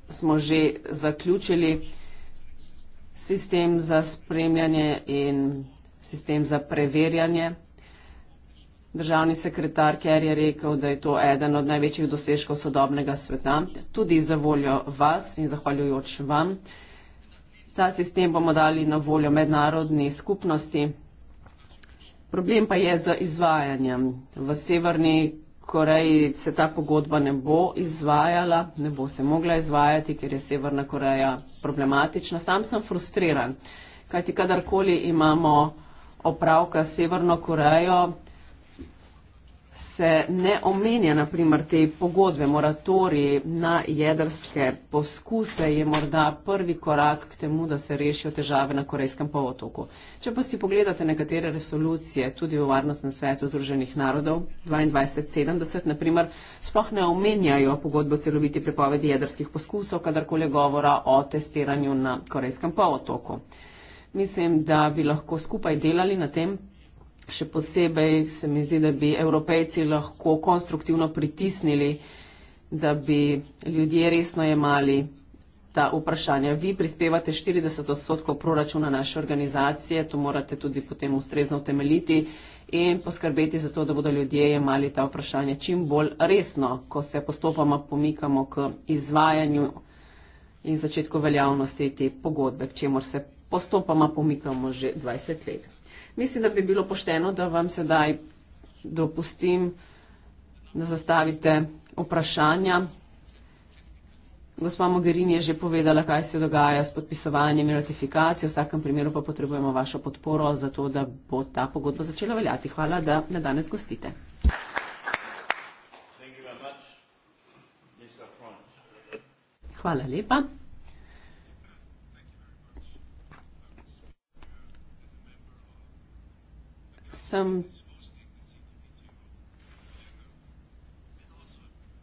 smo že zaključili sistem za spremljanje in sistem za preverjanje. Državni sekretar Ker je rekel, da je to eden od največjih dosežkov sodobnega sveta, tudi za voljo vas in zahvaljujoč vam. Ta sistem bomo dali na voljo mednarodni skupnosti. Problem pa je za izvajanjem. V Severni Koreji se ta pogodba ne bo izvajala, ne bo se mogla izvajati, ker je Severna Koreja problematična. Sam sem frustriran, kajti kadarkoli imamo opravka s Severno Korejo, se ne omenja naprimer te pogodbe, moratori na jedrske poskuse, je morda prvi korak k temu, da se rešijo težave na Korejskem polotoku. Če pa si pogledate nekatere resolucije, tudi v Varnostnem svetu Združenih narodov 2270, naprimer, sploh ne omenjajo pogodbo celoviti prepovedi jedrskih poskusov, kadarkoli govora o testiranju na Korejskem polotoku. Mislim, da bi lahko skupaj delali na tem Še posebej se mi zdi, da bi evropejci lahko konstruktivno pritisnili, da bi ljudje resno jemali ta vprašanja. Vi prispevate 40 odstotkov proračuna naše organizacije, to morate tudi potem ustrezno utemeliti in poskrbeti za to, da bodo ljudje jemali ta vprašanja čim bolj resno, ko se postopoma pomikamo k izvajanju in začetku veljavnosti te pogodbe, k čemu se postopoma pomikamo že 20 let mislim, da bi bilo pošteno, da vam sedaj dopustim, da zastavite vprašanja. Gospa Mogherini je že povedala, kaj se dogaja s podpisovanjem in ratifikacijo. V vsakem primeru pa potrebujemo vašo podporo za to, da bo ta pogodba začela veljati. Hvala, da me danes gostite. Hvala lepa. vsem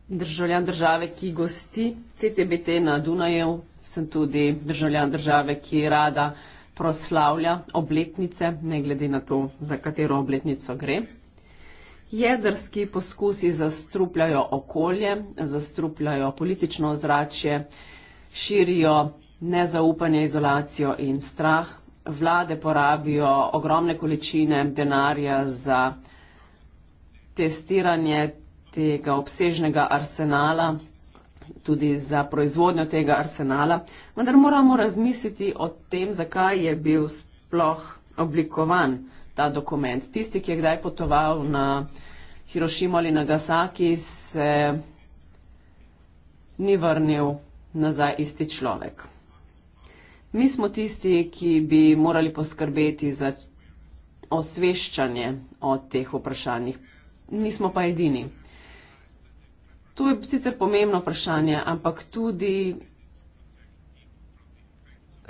državljan države, ki gosti CTBT na Dunaju, sem tudi državljan države, ki rada proslavlja obletnice, ne glede na to, za katero obletnico gre. Jedrski poskusi zastrupljajo okolje, zastrupljajo politično ozračje, širijo nezaupanje, izolacijo in strah, vlade porabijo ogromne količine denarja za testiranje tega obsežnega arsenala, tudi za proizvodnjo tega arsenala, vendar moramo razmisliti o tem, zakaj je bil sploh oblikovan ta dokument. Tisti, ki je kdaj potoval na Hirošimo ali Nagasaki, se ni vrnil nazaj isti človek. Mi smo tisti, ki bi morali poskrbeti za osveščanje o teh vprašanjih. Nismo pa edini. To je sicer pomembno vprašanje, ampak tudi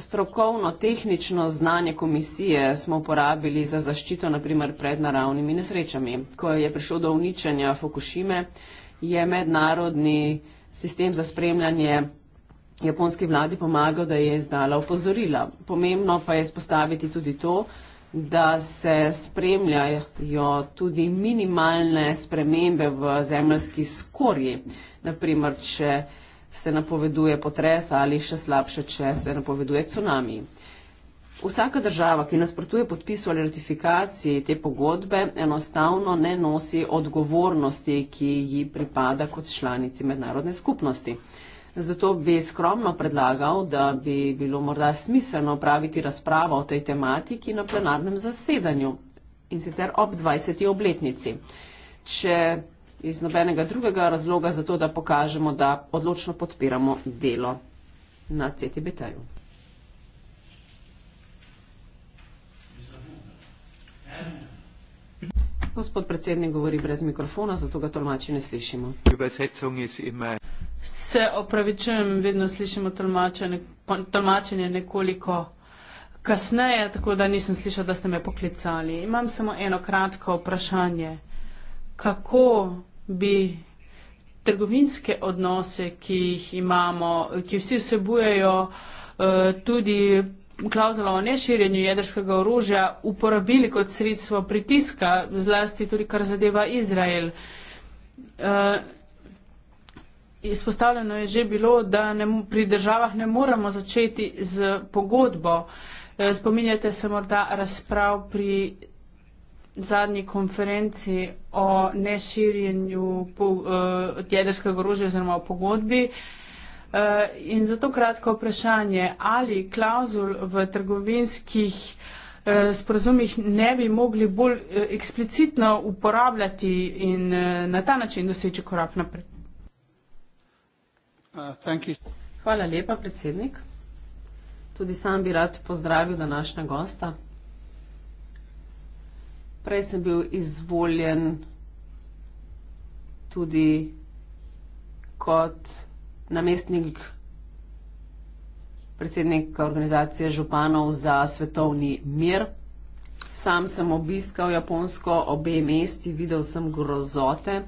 strokovno, tehnično znanje komisije smo uporabili za zaščito naprimer pred naravnimi nesrečami. Ko je prišlo do uničenja Fukushime, je mednarodni sistem za spremljanje japonski vladi pomagal, da je izdala opozorila. Pomembno pa je spostaviti tudi to, da se spremljajo tudi minimalne spremembe v zemljski skorji. Naprimer, če se napoveduje potres ali še slabše, če se napoveduje tsunami. Vsaka država, ki nasprotuje podpisu ali ratifikaciji te pogodbe, enostavno ne nosi odgovornosti, ki ji pripada kot članici mednarodne skupnosti. Zato bi skromno predlagal, da bi bilo morda smiselno praviti razpravo o tej tematiki na plenarnem zasedanju in sicer ob 20. obletnici. Če iz nobenega drugega razloga za to, da pokažemo, da odločno podpiramo delo na CTBT-ju. Gospod predsednik govori brez mikrofona, zato ga tolmači ne slišimo. Übersetzung ist immer Se opravičujem, vedno slišimo tolmačenje, tolmačenje nekoliko kasneje, tako da nisem slišal, da ste me poklicali. Imam samo eno kratko vprašanje. Kako bi trgovinske odnose, ki jih imamo, ki vsi vsebujejo eh, tudi klauzulo o neširjenju jedrskega orožja, uporabili kot sredstvo pritiska, zlasti tudi kar zadeva Izrael? Eh, Izpostavljeno je že bilo, da ne, pri državah ne moremo začeti z pogodbo. E, Spominjate se morda razprav pri zadnji konferenci o neširjenju uh, jedrskega orožja oziroma o pogodbi. Uh, in zato kratko vprašanje, ali klauzul v trgovinskih uh, sporazumih ne bi mogli bolj uh, eksplicitno uporabljati in uh, na ta način doseči korak naprej? Hvala lepa, predsednik. Tudi sam bi rad pozdravil današnja gosta. Prej sem bil izvoljen tudi kot namestnik predsednika organizacije županov za svetovni mir. Sam sem obiskal Japonsko, obe mesti, videl sem grozote.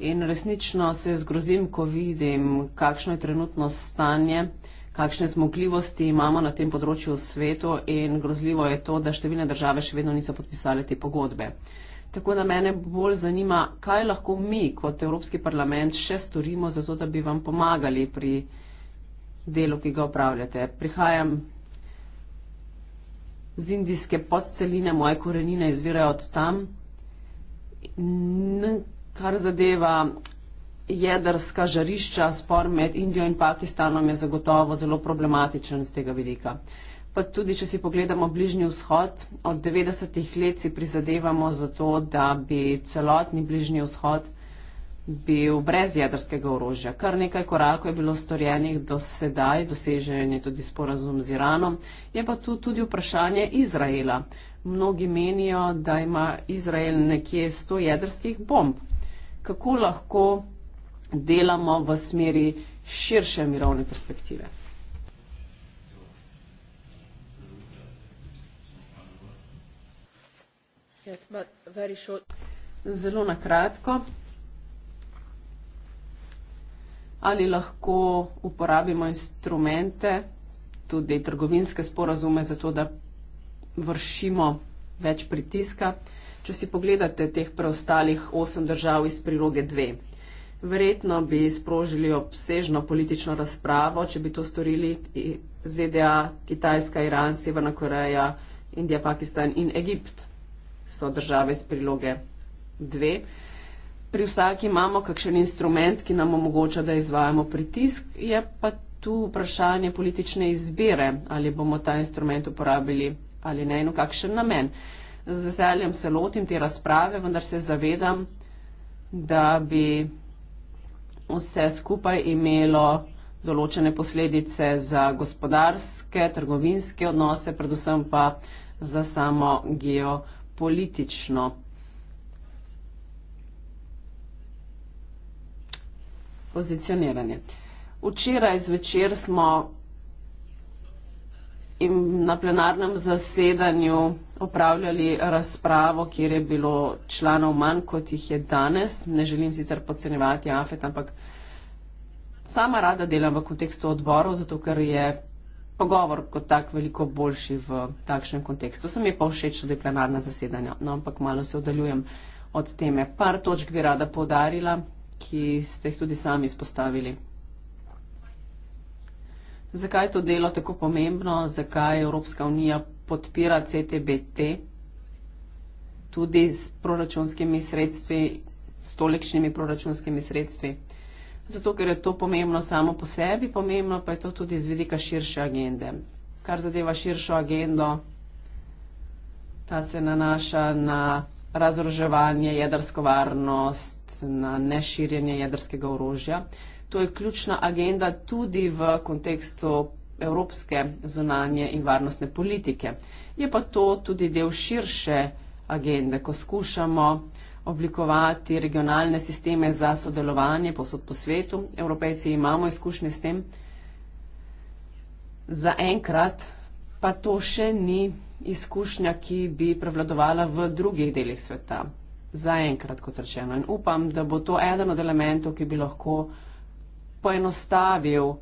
In resnično se zgrozim, ko vidim, kakšno je trenutno stanje, kakšne zmogljivosti imamo na tem področju v svetu in grozljivo je to, da številne države še vedno niso podpisale te pogodbe. Tako da mene bolj zanima, kaj lahko mi kot Evropski parlament še storimo za to, da bi vam pomagali pri delu, ki ga upravljate. Prihajam z indijske podceline, moje korenine izvirajo od tam kar zadeva jedrska žarišča, spor med Indijo in Pakistanom je zagotovo zelo problematičen z tega vidika. Pa tudi, če si pogledamo bližnji vzhod, od 90-ih let si prizadevamo za to, da bi celotni bližnji vzhod bil brez jedrskega orožja. Kar nekaj korakov je bilo storjenih do sedaj, dosežen je tudi sporazum z Iranom. Je pa tu tudi vprašanje Izraela. Mnogi menijo, da ima Izrael nekje 100 jedrskih bomb kako lahko delamo v smeri širše mirovne perspektive. Yes, Zelo na kratko. Ali lahko uporabimo instrumente, tudi trgovinske sporazume, za to, da vršimo več pritiska? če si pogledate teh preostalih osem držav iz priloge dve. Verjetno bi sprožili obsežno politično razpravo, če bi to storili ZDA, Kitajska, Iran, Severna Koreja, Indija, Pakistan in Egipt so države iz priloge dve. Pri vsaki imamo kakšen instrument, ki nam omogoča, da izvajamo pritisk, je pa tu vprašanje politične izbire, ali bomo ta instrument uporabili ali ne in v kakšen namen z veseljem se lotim te razprave, vendar se zavedam, da bi vse skupaj imelo določene posledice za gospodarske, trgovinske odnose, predvsem pa za samo geopolitično. Včeraj zvečer smo in na plenarnem zasedanju opravljali razpravo, kjer je bilo članov manj, kot jih je danes. Ne želim sicer podcenjevati AFET, ampak sama rada delam v kontekstu odborov, zato ker je pogovor kot tak veliko boljši v takšnem kontekstu. Sem je pa všeč tudi plenarna zasedanja, no, ampak malo se oddaljujem od teme. Par točk bi rada podarila, ki ste jih tudi sami izpostavili. Zakaj je to delo tako pomembno, zakaj Evropska unija podpira CTBT tudi s proračunskimi sredstvi, s tolikšnimi proračunskimi sredstvi? Zato, ker je to pomembno samo po sebi, pomembno pa je to tudi z vidika širše agende. Kar zadeva širšo agendo, ta se nanaša na razroževanje, jedrsko varnost, na neširjenje jedrskega orožja to je ključna agenda tudi v kontekstu evropske zunanje in varnostne politike. Je pa to tudi del širše agende, ko skušamo oblikovati regionalne sisteme za sodelovanje posod po svetu. Evropejci imamo izkušnje s tem. Za enkrat pa to še ni izkušnja, ki bi prevladovala v drugih delih sveta. Za enkrat, kot rečeno. In upam, da bo to eden od elementov, ki bi lahko poenostavil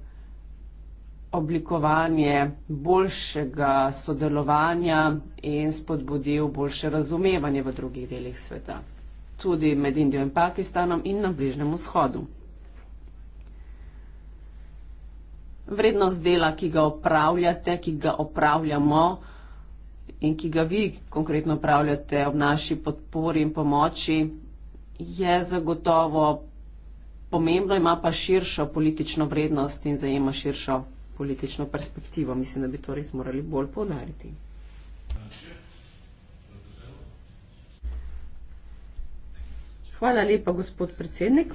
oblikovanje boljšega sodelovanja in spodbudil boljše razumevanje v drugih delih sveta, tudi med Indijo in Pakistanom in na Bližnjem vzhodu. Vrednost dela, ki ga opravljate, ki ga opravljamo in ki ga vi konkretno opravljate ob naši podpori in pomoči, je zagotovo pomembno, ima pa širšo politično vrednost in zajema širšo politično perspektivo. Mislim, da bi to res morali bolj podariti. Hvala lepa, gospod predsednik.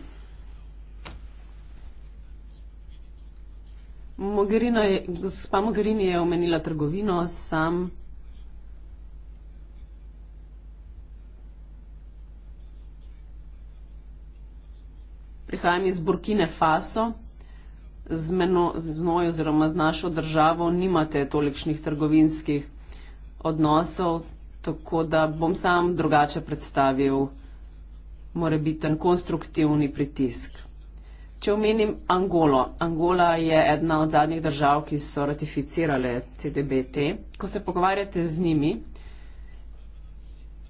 Mogherina je, gospa Mogherini je omenila trgovino, sam prihajam iz Burkine Faso. Z menoj, z noj oziroma z našo državo nimate tolikšnih trgovinskih odnosov, tako da bom sam drugače predstavil morebiten konstruktivni pritisk. Če omenim Angolo. Angola je ena od zadnjih držav, ki so ratificirale CDBT. Ko se pogovarjate z njimi,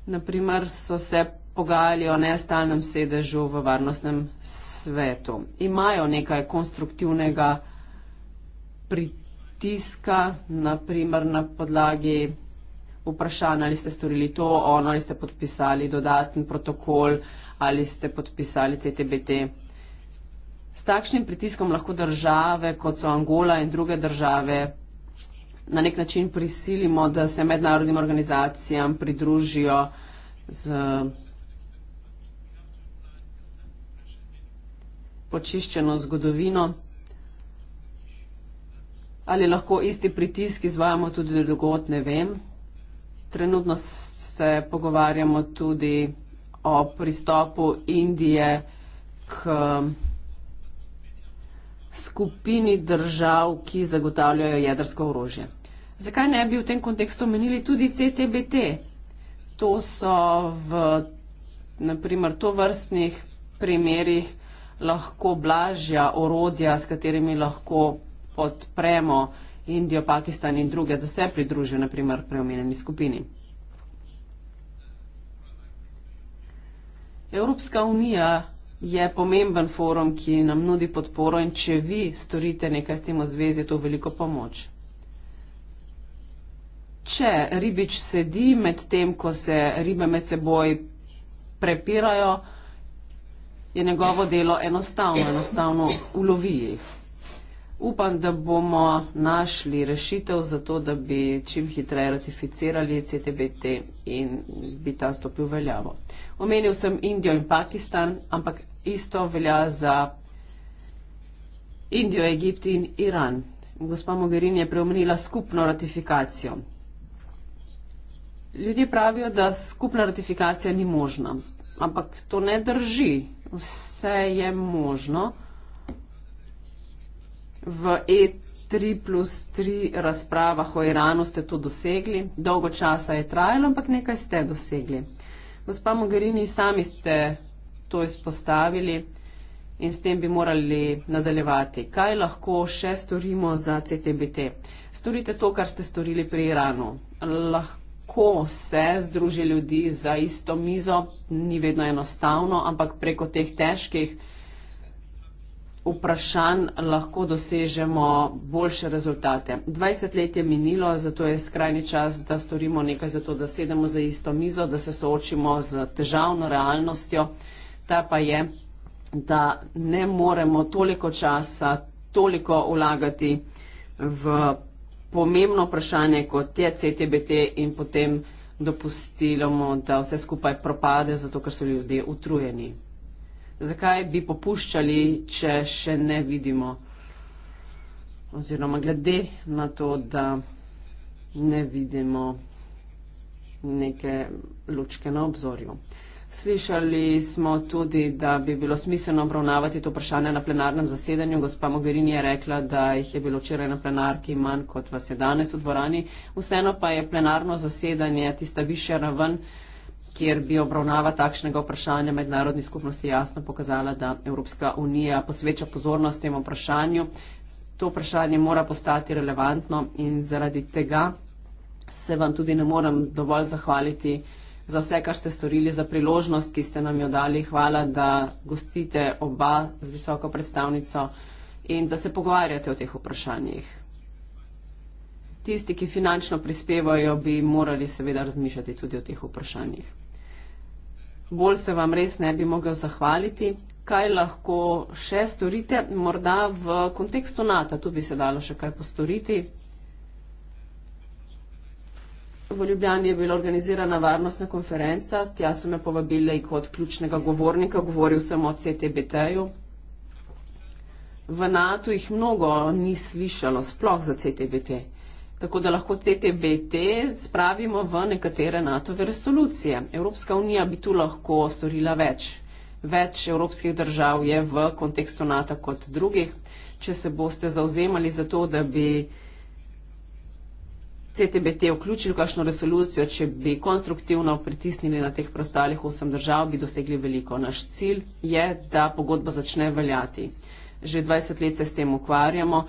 naprimer so se pogajali o nestalnem sedežu v varnostnem svetu. Imajo nekaj konstruktivnega pritiska, naprimer na podlagi vprašanja, ali ste storili to, ono, ali ste podpisali dodaten protokol, ali ste podpisali CTBT. S takšnim pritiskom lahko države, kot so Angola in druge države, na nek način prisilimo, da se mednarodnim organizacijam pridružijo z očiščeno zgodovino. Ali lahko isti pritisk izvajamo tudi drugot, ne vem. Trenutno se pogovarjamo tudi o pristopu Indije k um, skupini držav, ki zagotavljajo jedrsko orožje. Zakaj ne bi v tem kontekstu omenili tudi CTBT? To so v naprimer to vrstnih primerih lahko blažja orodja, s katerimi lahko podpremo Indijo, Pakistan in druge, da se pridružijo naprimer preomenjeni skupini. Evropska unija je pomemben forum, ki nam nudi podporo in če vi storite nekaj s tem v zvezi, je to veliko pomoč. Če ribič sedi med tem, ko se ribe med seboj prepirajo, je njegovo delo enostavno, enostavno ulovi jih. Upam, da bomo našli rešitev za to, da bi čim hitreje ratificirali CTBT in bi ta stopil veljavo. Omenil sem Indijo in Pakistan, ampak isto velja za Indijo, Egipt in Iran. Gospa Mogherini je preomenila skupno ratifikacijo. Ljudje pravijo, da skupna ratifikacija ni možna, ampak to ne drži vse je možno v E3 plus 3 razpravah o Iranu ste to dosegli, dolgo časa je trajalo, ampak nekaj ste dosegli. Gospa Mogherini, sami ste to izpostavili in s tem bi morali nadaljevati. Kaj lahko še storimo za CTBT? Storite to, kar ste storili pri Iranu. Lahko kako se združi ljudi za isto mizo, ni vedno enostavno, ampak preko teh težkih vprašanj lahko dosežemo boljše rezultate. 20 let je minilo, zato je skrajni čas, da storimo nekaj za to, da sedemo za isto mizo, da se soočimo z težavno realnostjo. Ta pa je, da ne moremo toliko časa, toliko vlagati v pomembno vprašanje, kot je CTBT in potem dopustilo, da vse skupaj propade, zato ker so ljudje utrujeni. Zakaj bi popuščali, če še ne vidimo, oziroma glede na to, da ne vidimo neke lučke na obzorju. Slišali smo tudi, da bi bilo smiselno obravnavati to vprašanje na plenarnem zasedanju. Gospa Mogherini je rekla, da jih je bilo včeraj na plenarki manj, kot vas je danes v dvorani. Vseeno pa je plenarno zasedanje tista višja raven, kjer bi obravnava takšnega vprašanja mednarodni skupnosti jasno pokazala, da Evropska unija posveča pozornost tem vprašanju. To vprašanje mora postati relevantno in zaradi tega se vam tudi ne morem dovolj zahvaliti za vse, kar ste storili, za priložnost, ki ste nam jo dali. Hvala, da gostite oba z visoko predstavnico in da se pogovarjate o teh vprašanjih. Tisti, ki finančno prispevajo, bi morali seveda razmišljati tudi o teh vprašanjih. Bolj se vam res ne bi mogel zahvaliti. Kaj lahko še storite, morda v kontekstu NATO, tu bi se dalo še kaj postoriti, V Ljubljani je bila organizirana varnostna konferenca, tja so me povabili kot ključnega govornika, govoril sem o CTBT-ju. V NATO jih mnogo ni slišalo, sploh za CTBT. Tako da lahko CTBT spravimo v nekatere NATO-ve resolucije. Evropska unija bi tu lahko storila več. Več evropskih držav je v kontekstu NATO kot drugih. Če se boste zauzemali za to, da bi. CTBT vključili kakšno resolucijo, če bi konstruktivno pritisnili na teh preostalih osem držav, bi dosegli veliko. Naš cilj je, da pogodba začne veljati. Že 20 let se s tem ukvarjamo.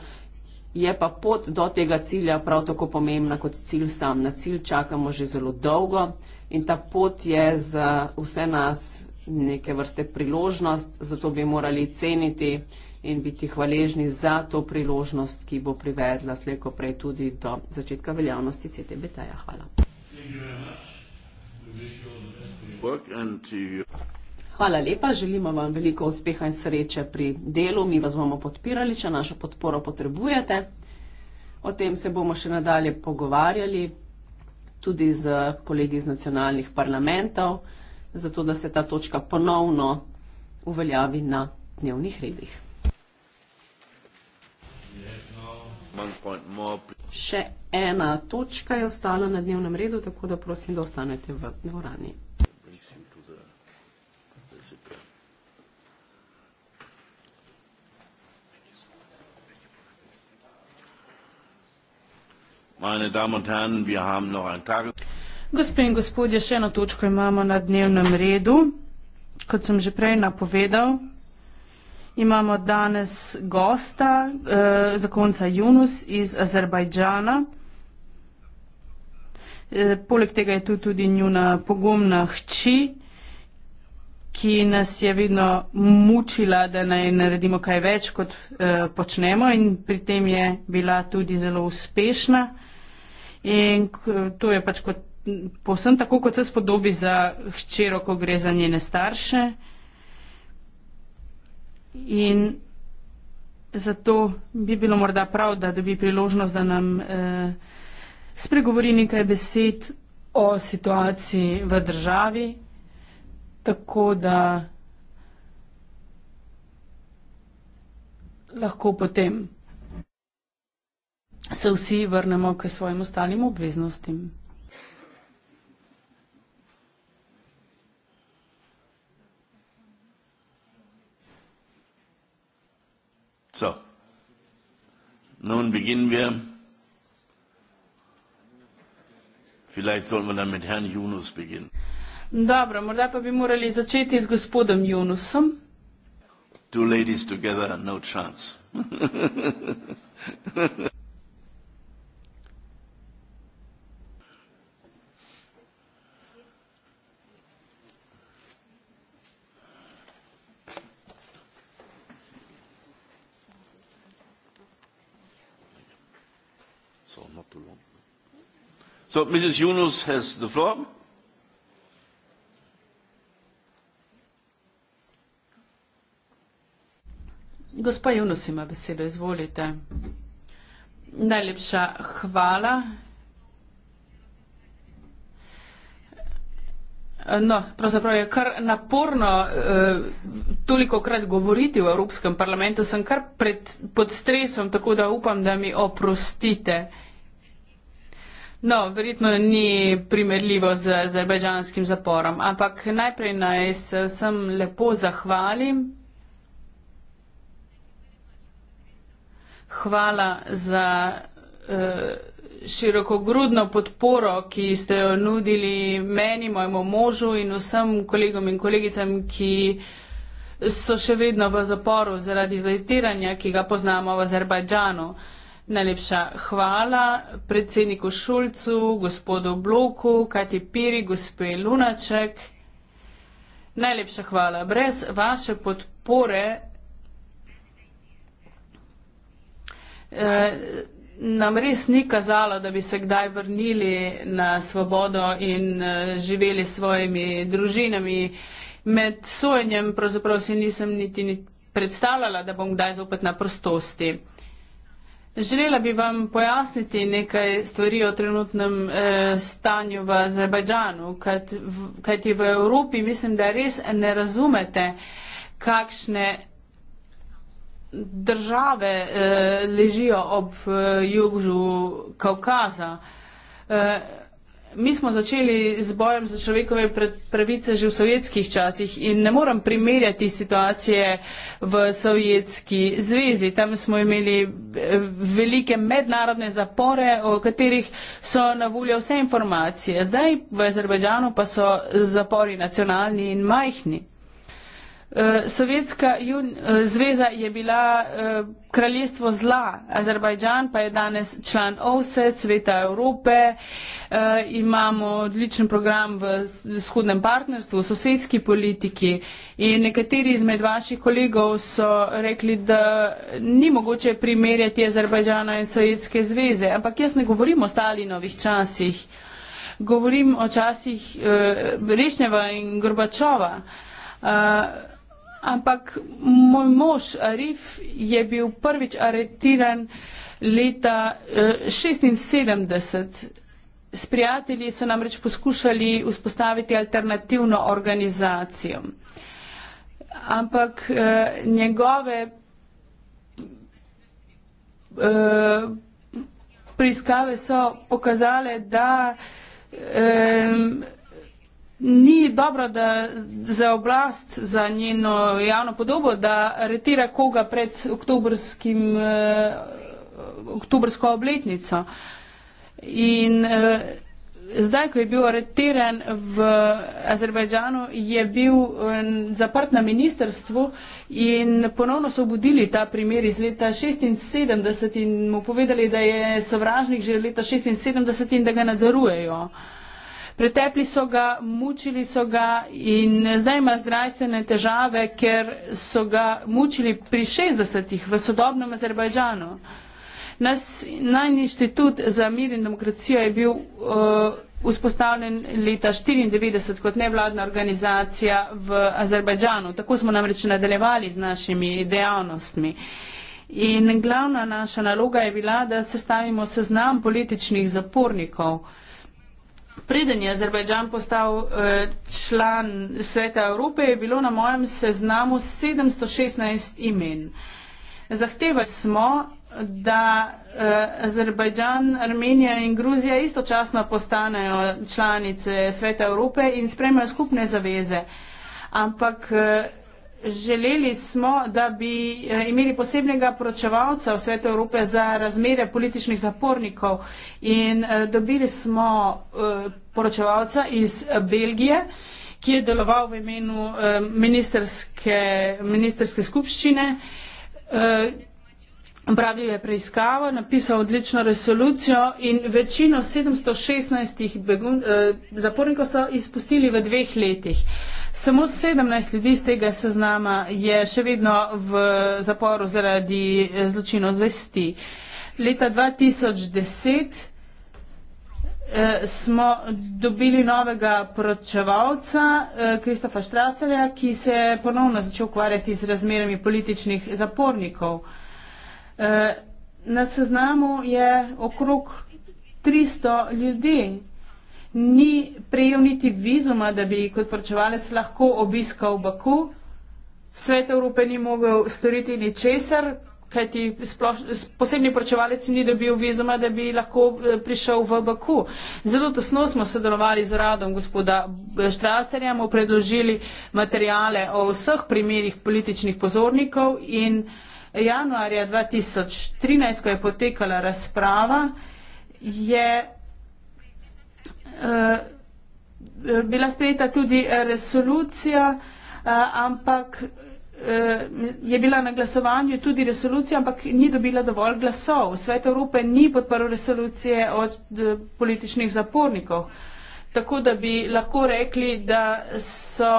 Je pa pot do tega cilja prav tako pomembna kot cilj sam. Na cilj čakamo že zelo dolgo in ta pot je za vse nas neke vrste priložnost, zato bi morali ceniti in biti hvaležni za to priložnost, ki bo privedla slejko prej tudi do začetka veljavnosti CTBT-ja. Hvala. Hvala lepa, želimo vam veliko uspeha in sreče pri delu. Mi vas bomo podpirali, če našo podporo potrebujete. O tem se bomo še nadalje pogovarjali tudi z kolegi iz nacionalnih parlamentov, zato da se ta točka ponovno uveljavi na dnevnih redih. Še ena točka je ostala na dnevnem redu, tako da prosim, da ostanete v dvorani. Gospe in gospodje, še eno točko imamo na dnevnem redu. Kot sem že prej napovedal, imamo danes gosta, eh, zakonca Junus iz Azerbajdžana. Eh, poleg tega je tu tudi njuna pogumna hči, ki nas je vedno mučila, da naj naredimo kaj več, kot eh, počnemo in pri tem je bila tudi zelo uspešna. In to je pač kot, povsem tako, kot se spodobi za hčero, ko gre za njene starše. Eh, In zato bi bilo morda prav, da dobi priložnost, da nam eh, spregovori nekaj besed o situaciji v državi, tako da lahko potem se vsi vrnemo k svojim ostalim obveznostim. So, nun beginnen wir. Vielleicht sollten wir dann mit Herrn Yunus beginnen. Dobro, morda pa bi morali začeti z gospodom Junusom. Two ladies together, no chance. <laughs> So Mrs. Yunus has the floor. Gospa Junus ima besedo, izvolite. Najlepša hvala. No, pravzaprav je kar naporno eh, toliko krat govoriti v Evropskem parlamentu, sem kar pred, pod stresom, tako da upam, da mi oprostite. Eh, No, verjetno ni primerljivo z azerbajdžanskim zaporom, ampak najprej naj se vsem lepo zahvalim. Hvala za uh, širokogrudno podporo, ki ste jo nudili meni, mojemu možu in vsem kolegom in kolegicam, ki so še vedno v zaporu zaradi zajtiranja, ki ga poznamo v Azerbajdžanu. Uh, Najlepša hvala predsedniku Šulcu, gospodu Bloku, Kati Piri, gospe Lunaček. Najlepša hvala. Brez vaše podpore eh, nam res ni kazalo, da bi se kdaj vrnili na svobodo in eh, živeli s svojimi družinami. Med sojenjem pravzaprav si nisem niti ni predstavljala, da bom kdaj zopet na prostosti. Eh, Želela bi vam pojasniti nekaj stvari o trenutnem eh, stanju v Azerbajdžanu, kajti v Evropi mislim, da res ne razumete, kakšne države eh, ležijo ob eh, jugu Kaukaza. Eh, Mi smo začeli z bojem za človekove pravice že v sovjetskih časih in ne moram primerjati situacije v sovjetski zvezi. Tam smo imeli eh, velike mednarodne zapore, o katerih so na voljo vse informacije. Zdaj v Azerbajdžanu pa so zapori nacionalni in majhni. Eh, Sovjetska jun, eh, zveza je bila eh, kraljestvo zla, Azerbajdžan pa je danes član OVSE, Sveta Evrope, imamo odličen program v vzhodnem partnerstvu, v sosedski politiki in nekateri izmed vaših kolegov so rekli, da ni mogoče primerjati Azerbajdžana in Sovjetske zveze, ampak jaz ne govorim o Stalinovih časih, govorim o časih Rešnjeva in Gorbačova. Ampak moj mož Arif je bil prvič aretiran leta 1976. Eh, S prijatelji so namreč poskušali vzpostaviti alternativno organizacijo. Ampak eh, njegove eh, preiskave so pokazale, da eh, ni dobro, da za oblast, za njeno javno podobo, da retira koga pred oktobrskim, eh, oktobrsko obletnico. In eh, zdaj, ko je bil aretiran v Azerbajdžanu, je bil eh, zaprt na ministerstvu in ponovno so obudili ta primer iz leta 76 in mu povedali, da je sovražnik že leta 76 in da ga nadzorujejo. Eh, pretepli so ga, mučili so ga in zdaj ima zdravstvene težave, ker so ga mučili pri 60-ih v sodobnem Azerbajdžanu. Nas, naj inštitut za mir in demokracijo je bil uh, vzpostavljen leta 1994 kot nevladna organizacija v Azerbajdžanu. Tako smo namreč nadaljevali z našimi dejavnostmi. In glavna naša naloga je bila, da sestavimo seznam političnih zapornikov. Uh, preden je Azerbajdžan postal eh, član Sveta Evrope, je bilo na mojem seznamu 716 imen. Zahteva smo, da eh, Azerbajdžan, Armenija in Gruzija istočasno postanejo članice Sveta Evrope in sprejmejo skupne zaveze. Ampak eh, Želeli smo, da bi eh, imeli posebnega poročevalca v Svetu Evrope za razmere političnih zapornikov in eh, dobili smo eh, poročevalca iz Belgije, ki je deloval v imenu ministerske, ministerske skupščine, Pravil je preiskavo, napisal odlično resolucijo in večino 716 begun, eh, zapornikov so izpustili v dveh letih. Samo 17 ljudi z tega seznama je še vedno v zaporu zaradi eh, zločino zvesti. Leta 2010 eh, smo dobili novega poročevalca, eh, Kristofa eh, Štraserja, ki se je ponovno začel ukvarjati z razmerami političnih zapornikov. Eh, na seznamu je okrog 300 ljudi. Ni prejel niti vizuma, da bi kot pričevalec lahko obiskal Baku. Svet Evrope ni mogel storiti ničesar, kajti posebni pričevalec ni dobil vizuma, da bi lahko eh, prišel v Baku. Zelo tesno smo sodelovali z radom gospoda Štraserja, eh, mu predložili materijale o vseh primerjih političnih pozornikov in uh, Januarja 2013, ko je potekala razprava, je eh, bila sprejeta tudi resolucija, eh, ampak eh, je bila na glasovanju tudi resolucija, ampak ni dobila dovolj glasov. Svet Evrope ni podprl resolucije od političnih zapornikov. Tako da bi lahko rekli, da so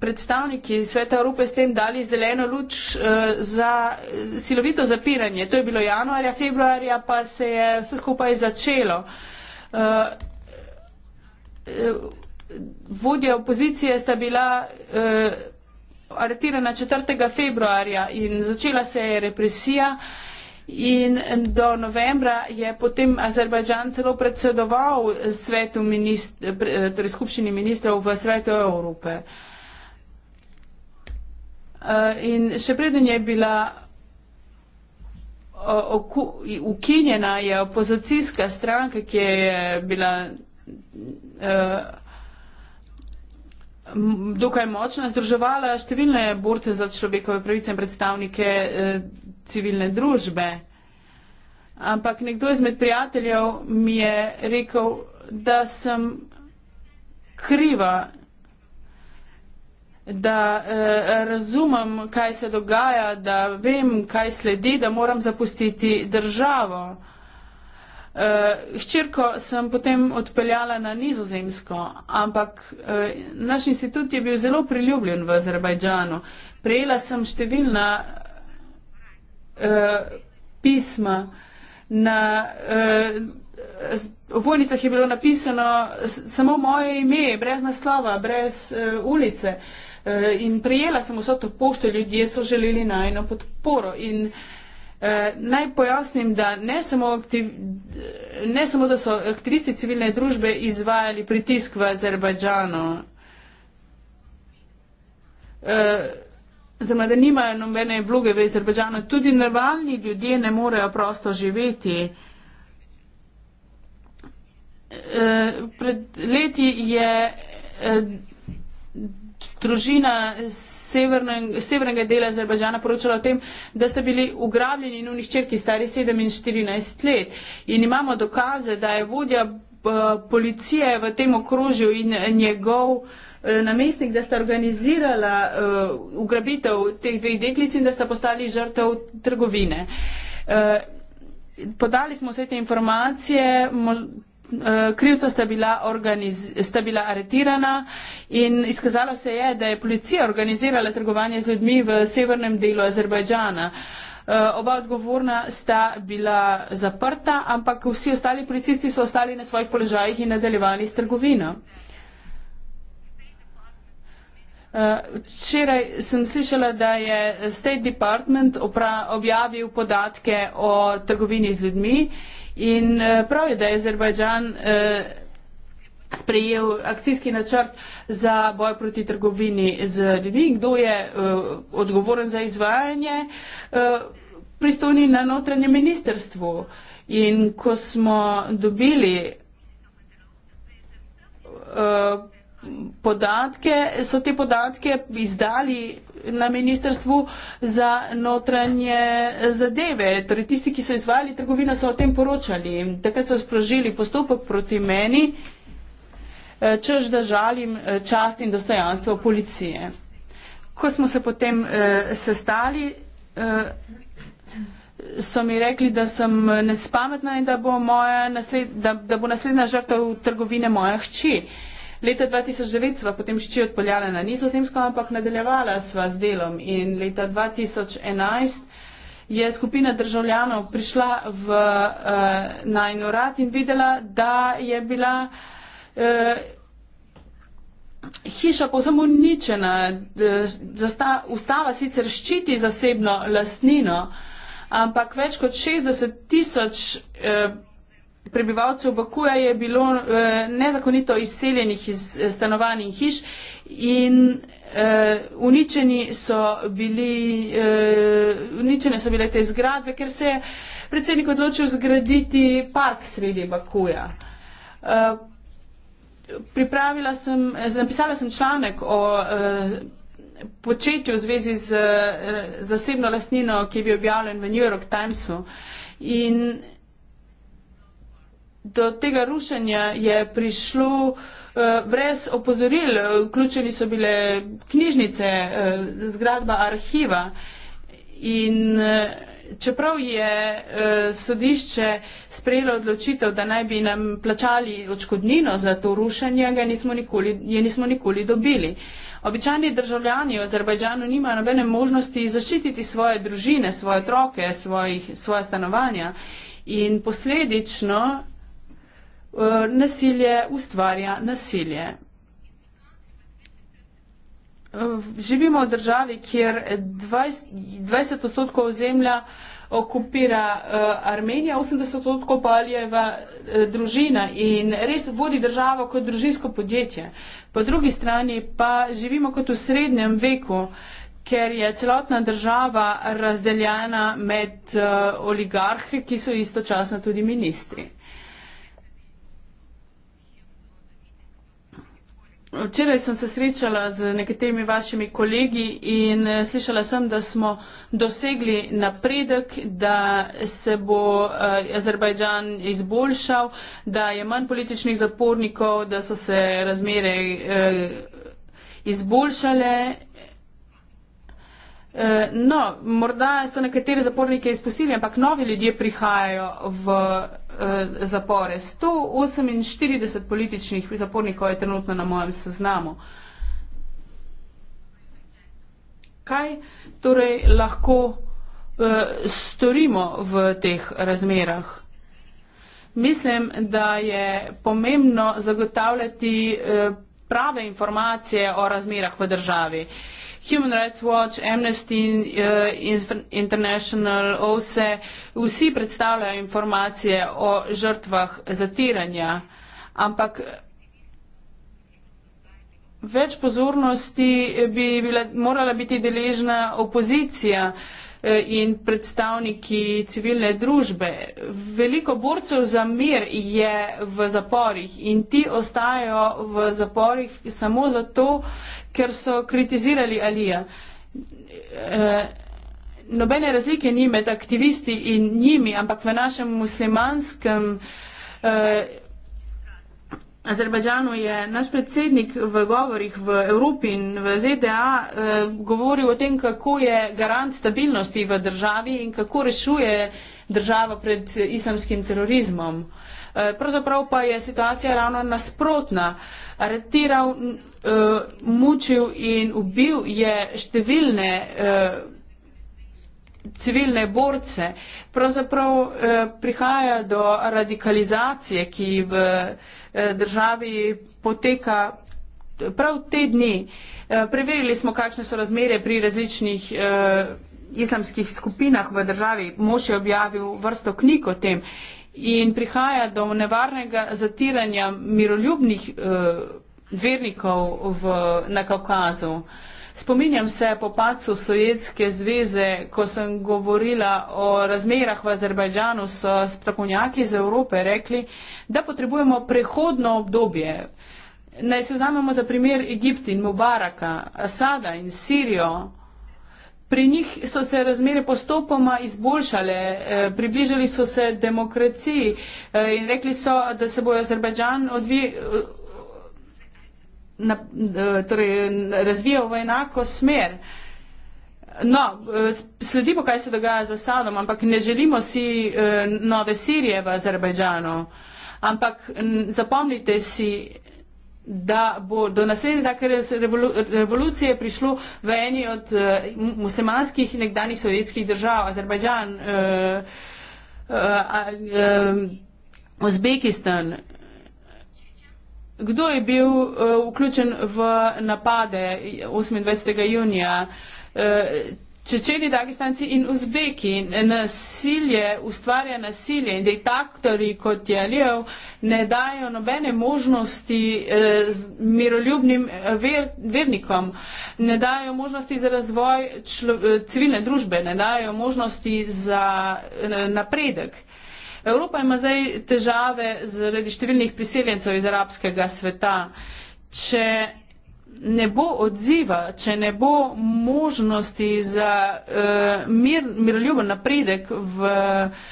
predstavniki Sveta Evrope s tem dali zeleno luč eh, za eh, silovito zapiranje. To je bilo januarja, februarja pa se je vse skupaj začelo. Eh, vodja opozicije sta bila aretirana 4. februarja in začela se je represija. In do novembra je potem Azerbajdžan celo predsedoval ministr, torej skupščini ministrov v svetu Evrope. Uh, Eh, in še preden je bila ukinjena je opozicijska stranka, ki je bila eh, dokaj močna, združevala številne borce za človekove pravice in predstavnike eh, civilne družbe. Ampak nekdo izmed prijateljev mi je rekel, da sem kriva da eh, razumem, kaj se dogaja, da vem, kaj sledi, da moram zapustiti državo. Eh, hčerko sem potem odpeljala na nizozemsko, ampak eh, naš institut je bil zelo priljubljen v Azerbajdžanu. Prejela sem številna eh, pisma. Na eh, vojnicah je bilo napisano samo moje ime, brez naslova, brez eh, ulice. Eh, Eh, in prijela sem vso to pošto, ljudje so želeli najno podporo. In eh, naj pojasnim, da ne samo, aktiv, ne samo, da so aktivisti civilne družbe izvajali pritisk v Azerbajdžano, eh, oziroma, da nimajo nobene vloge v Azerbajdžanu, tudi normalni ljudje ne morejo prosto živeti. Pred leti je družina severnega dela Azerbajdžana poročala o tem, da ste bili ugrabljeni in uničrki stari 7 in 14 let. In imamo dokaze, da je vodja eh, policije v tem okrožju in njegov eh, namestnik, da sta organizirala eh, ugrabitev teh dveh deklic in da sta postali žrtev trgovine. Podali smo vse te informacije, Eh, krivca sta bila, sta bila aretirana in izkazalo se je, da je policija organizirala trgovanje z ljudmi v severnem delu Azerbajdžana. Eh, oba odgovorna sta bila zaprta, ampak vsi ostali policisti so ostali na svojih položajih in nadaljevali s trgovino. Eh, včeraj sem slišala, da je State Department objavil podatke o trgovini z ljudmi In eh, prav je, da je Azerbajdžan eh, sprejel akcijski načrt za boj proti trgovini z ljudmi. Kdo je eh, odgovoren za izvajanje? Pristojni na notranjem ministerstvu. In ko smo dobili podatke, so te podatke izdali na ministrstvu za notranje zadeve. Torej, tisti, ki so izvali trgovino, so o tem poročali. Takrat so sprožili postopek proti meni, eh, čež da žalim eh, čast in dostojanstvo policije. Ko smo se potem eh, sestali, eh, so mi rekli, da sem nespametna in da bo, moja nasled, da, da bo naslednja žrtev trgovine moja hči. Eh, Leta 2009 sva potem šči odpeljala na nizozemsko, ampak nadaljevala sva z delom in leta 2011 je skupina državljanov prišla v uh, eh, najn urad in videla, da je bila uh, hiša povsem uničena. Zasta, ustava sicer ščiti zasebno lastnino, ampak več kot 60 tisoč uh, prebivalcev Bakuja je bilo eh, nezakonito izseljenih iz eh, stanovanj in hiš in eh, uničeni so bili, eh, uničene so bile te zgradbe, ker se je predsednik odločil zgraditi park sredi Bakuja. Eh, pripravila sem, napisala sem članek o eh, početju v zvezi z zasebno lastnino, ki je bil objavljen v New York Timesu in do tega rušenja je prišlo eh, brez opozoril, vključeni so bile knjižnice, eh, zgradba arhiva in eh, čeprav je sodišče sprejelo odločitev, da naj bi nam plačali očkodnino za to rušenje, ga nismo nikoli, je nismo nikoli dobili. Običajni državljani v Azerbajdžanu nimajo nobene možnosti zaščititi svoje družine, svoje otroke, svojih, svoje stanovanja in posledično Eh, nasilje ustvarja nasilje. Eh, živimo v državi, kjer 20 odstotkov zemlja okupira eh, Armenija, 80 odstotkov pa je v družina in res vodi državo kot družinsko podjetje. Po drugi strani pa živimo kot v srednjem veku, ker je celotna država razdeljena med oligarhe, ki so istočasno tudi ministri. Včeraj sem se srečala z nekaterimi vašimi kolegi in eh, slišala sem, da smo dosegli napredek, da se bo eh, Azerbajdžan izboljšal, da je manj političnih zapornikov, da so se razmere eh, izboljšale. No, morda so nekateri zaporniki izpustili, ampak novi ljudje prihajajo v. Eh, zapore. 148 političnih zapornikov je trenutno na mojem seznamu. Kaj torej lahko uh, storimo v teh razmerah? Mislim, da je pomembno zagotavljati uh, prave informacije o razmerah v državi. Uh, Human Rights Watch, Amnesty eh, International, OSE, vsi predstavljajo informacije o žrtvah zatiranja, ampak več pozornosti bi bila, morala biti deležna opozicija. Uh, Eh, in predstavniki civilne družbe. Veliko borcev za mir je v zaporih in ti ostajajo v zaporih samo zato, ker so kritizirali Alija. Eh, nobene razlike ni med aktivisti in njimi, ampak v našem muslimanskem eh, Azerbajdžanu je naš predsednik v govorih v Evropi in v ZDA eh, govoril o tem, kako je garant stabilnosti v državi in kako rešuje država pred islamskim terorizmom. Eh, pravzaprav pa je situacija ravno nasprotna. Aretiral, eh, mučil in ubil je številne. Eh, civilne borce, pravzaprav eh, prihaja do radikalizacije, ki v eh, državi poteka prav te dni. Eh, preverili smo, kakšne so razmere pri različnih eh, islamskih skupinah v državi. Moš je objavil vrsto knjig o tem in prihaja do nevarnega zatiranja miroljubnih eh, vernikov v, na Kaukazu. Eh, Spominjam se po pacu Sovjetske zveze, ko sem govorila o razmerah v Azerbajdžanu, so strokovnjaki iz Evrope rekli, da potrebujemo prehodno obdobje. Naj se vzamemo za primer Egipt in Mubaraka, Asada in Sirijo. Pri njih so se razmere postopoma izboljšale, eh, približali so se demokraciji eh, in rekli so, da se bo Azerbajdžan odvijal na, e, torej, razvijal v enako smer. No, e, sledimo, kaj se dogaja z Asadom, ampak ne želimo si e, nove Sirije v Azerbajdžanu. Ampak zapomnite si, da bo do naslednje take revolucije prišlo v eni od muslimanskih nekdanjih sovjetskih držav, Azerbajdžan, Uzbekistan. Uh, uh, uh, uh, Kdo je bil uh, vključen v napade 28. junija? Uh, Čečeni, Dagestanci in Uzbeki. Nasilje ustvarja nasilje in diktatori kot je Alijev ne dajo nobene možnosti uh, miroljubnim ver, vernikom, ne dajo možnosti za razvoj člo, civilne družbe, ne dajo možnosti za uh, napredek. Uh, Evropa ima zdaj težave zaradi številnih priseljencev iz arabskega sveta. Če ne bo odziva, če ne bo možnosti za uh, mir, miroljuben napredek v uh,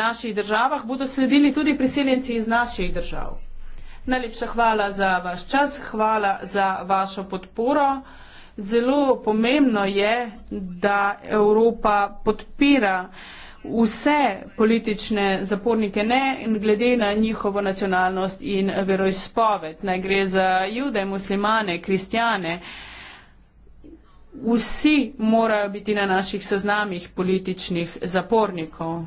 naših državah, bodo sledili tudi priseljenci iz naših držav. Najlepša hvala za vaš čas, hvala za vašo podporo. Zelo pomembno je, da Evropa podpira uh, vse politične zapornike, ne glede na njihovo nacionalnost in veroizpoved, naj gre za jude, muslimane, kristijane. Vsi morajo biti na naših seznamih političnih zapornikov.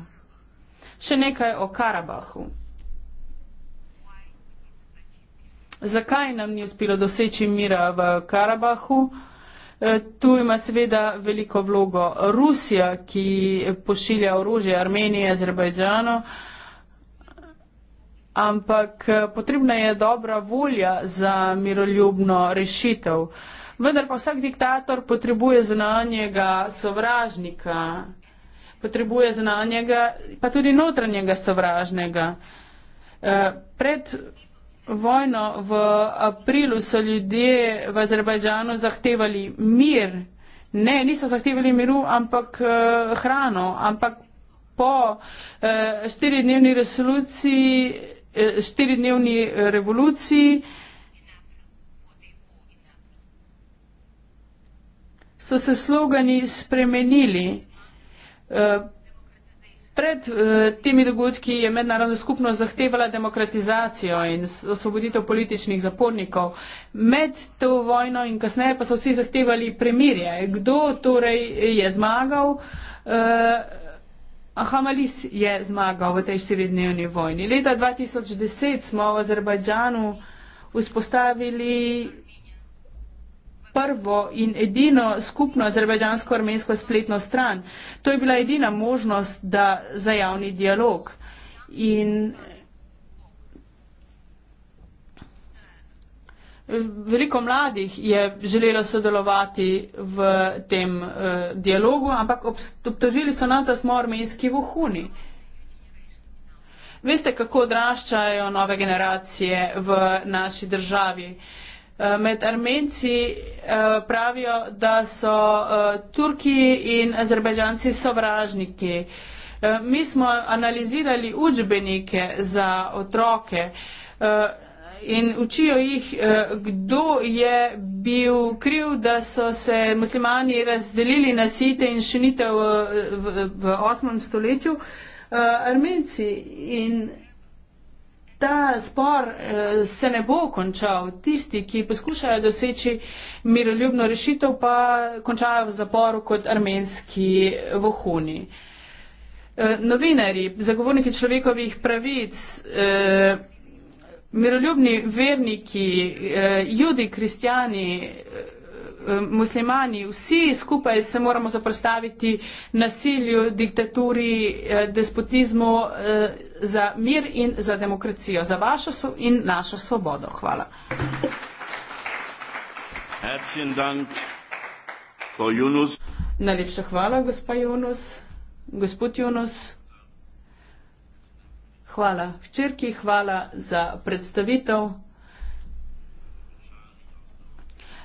Še nekaj o Karabahu. Zakaj nam ni uspelo doseči mira v Karabahu? Eh, tu ima seveda veliko vlogo Rusija, ki pošilja orožje Armeniji, Azerbajdžanu, ampak eh, potrebna je dobra volja za miroljubno rešitev. Vendar pa vsak diktator potrebuje znanjega sovražnika, potrebuje znanjega pa tudi notranjega sovražnega. Eh, pred vojno, v aprilu so ljudje v Azerbajdžanu zahtevali mir. Ne, niso zahtevali miru, ampak uh, hrano. Ampak po uh, štiridnevni resoluciji, uh, štiridnevni revoluciji so se slogani spremenili. Uh, Pred eh, temi dogodki je mednarodna skupnost zahtevala demokratizacijo in osvoboditev političnih zapornikov. Med to vojno in kasneje pa so vsi zahtevali premirje. Kdo torej je zmagal? Eh, Ahamalis je zmagal v tej štiridnevni vojni. Leta 2010 smo v Azerbajdžanu vzpostavili prvo in edino skupno azerbajdžansko-armensko spletno stran. To je bila edina možnost za javni dialog. In veliko mladih je želelo sodelovati v tem uh, dialogu, ampak obtožili so nas, da smo armenski vohuni. Veste, kako odraščajo nove generacije v naši državi. Uh, Eh, med Armenci eh, pravijo, da so eh, Turki in Azerbajdžanci sovražniki. Mi smo analizirali učbenike za otroke in učijo jih, kdo je bil kriv, da so se muslimani razdelili na site in šinite v, v, v 8. stoletju. Armenci in ta spor eh, se ne bo končal. Tisti, ki poskušajo doseči miroljubno rešitev, pa končajo v zaporu kot armenski vohuni. Eh, Novinari, zagovorniki človekovih pravic, eh, miroljubni verniki, judi, kristijani, Eh, muslimani, vsi skupaj se moramo zaprstaviti nasilju, diktaturi, eh, despotizmu eh, za mir in za demokracijo, za vašo in našo svobodo. Hvala. Najlepša hvala, gospa Junus. Gospod Junus, hvala hčerki, hvala za predstavitev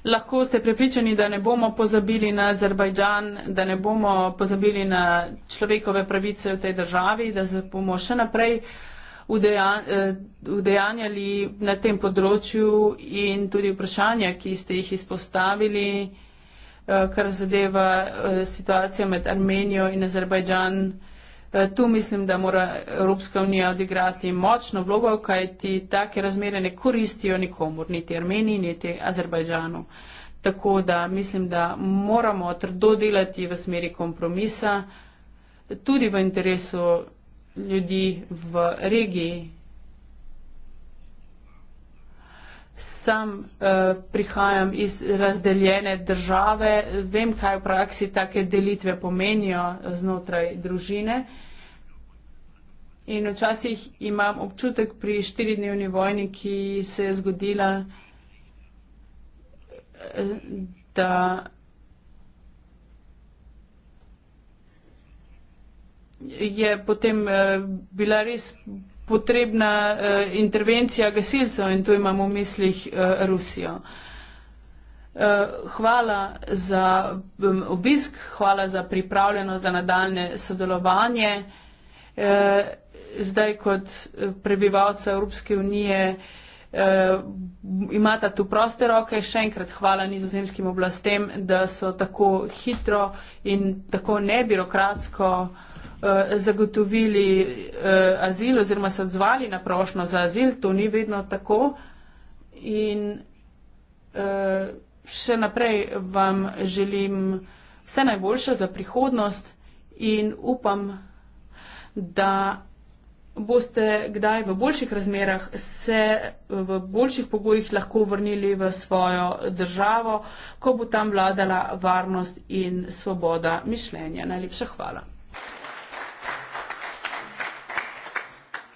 lahko ste prepričani, da ne bomo pozabili na Azerbajdžan, da ne bomo pozabili na človekove pravice v tej državi, da se bomo še naprej eh, udejanjali na tem področju in tudi vprašanja, ki ste jih izpostavili, eh, kar zadeva eh, situacijo med Armenijo in Azerbajdžanom. Eh, tu mislim, da mora Evropska unija odigrati močno vlogo, kajti take razmere ne koristijo nikomu, niti Armeniji, niti Azerbajdžanu. Tako da mislim, da moramo trdo delati v smeri kompromisa, tudi v interesu ljudi v regiji. sam eh, prihajam iz razdeljene države, vem, kaj v praksi take delitve pomenijo eh, znotraj družine. In včasih imam občutek pri štiridnevni vojni, ki se je zgodila, eh, da. Je potem eh, bila res potrebna uh, intervencija gasilcev in tu imamo v mislih uh, Rusijo. Uh, hvala za um, obisk, hvala za pripravljeno za nadaljne sodelovanje. Uh, zdaj kot prebivalca Evropske unije uh, imata tu proste roke. Še enkrat hvala nizozemskim oblastem, da so tako hitro in tako nebirokratsko uh, Eh, zagotovili eh, azil oziroma se odzvali na prošno za azil, to ni vedno tako. In eh, še naprej vam želim vse najboljše za prihodnost in upam, da boste kdaj v boljših razmerah se v boljših pogojih lahko vrnili v svojo državo, ko bo tam vladala varnost in svoboda mišljenja. Najlepša hvala.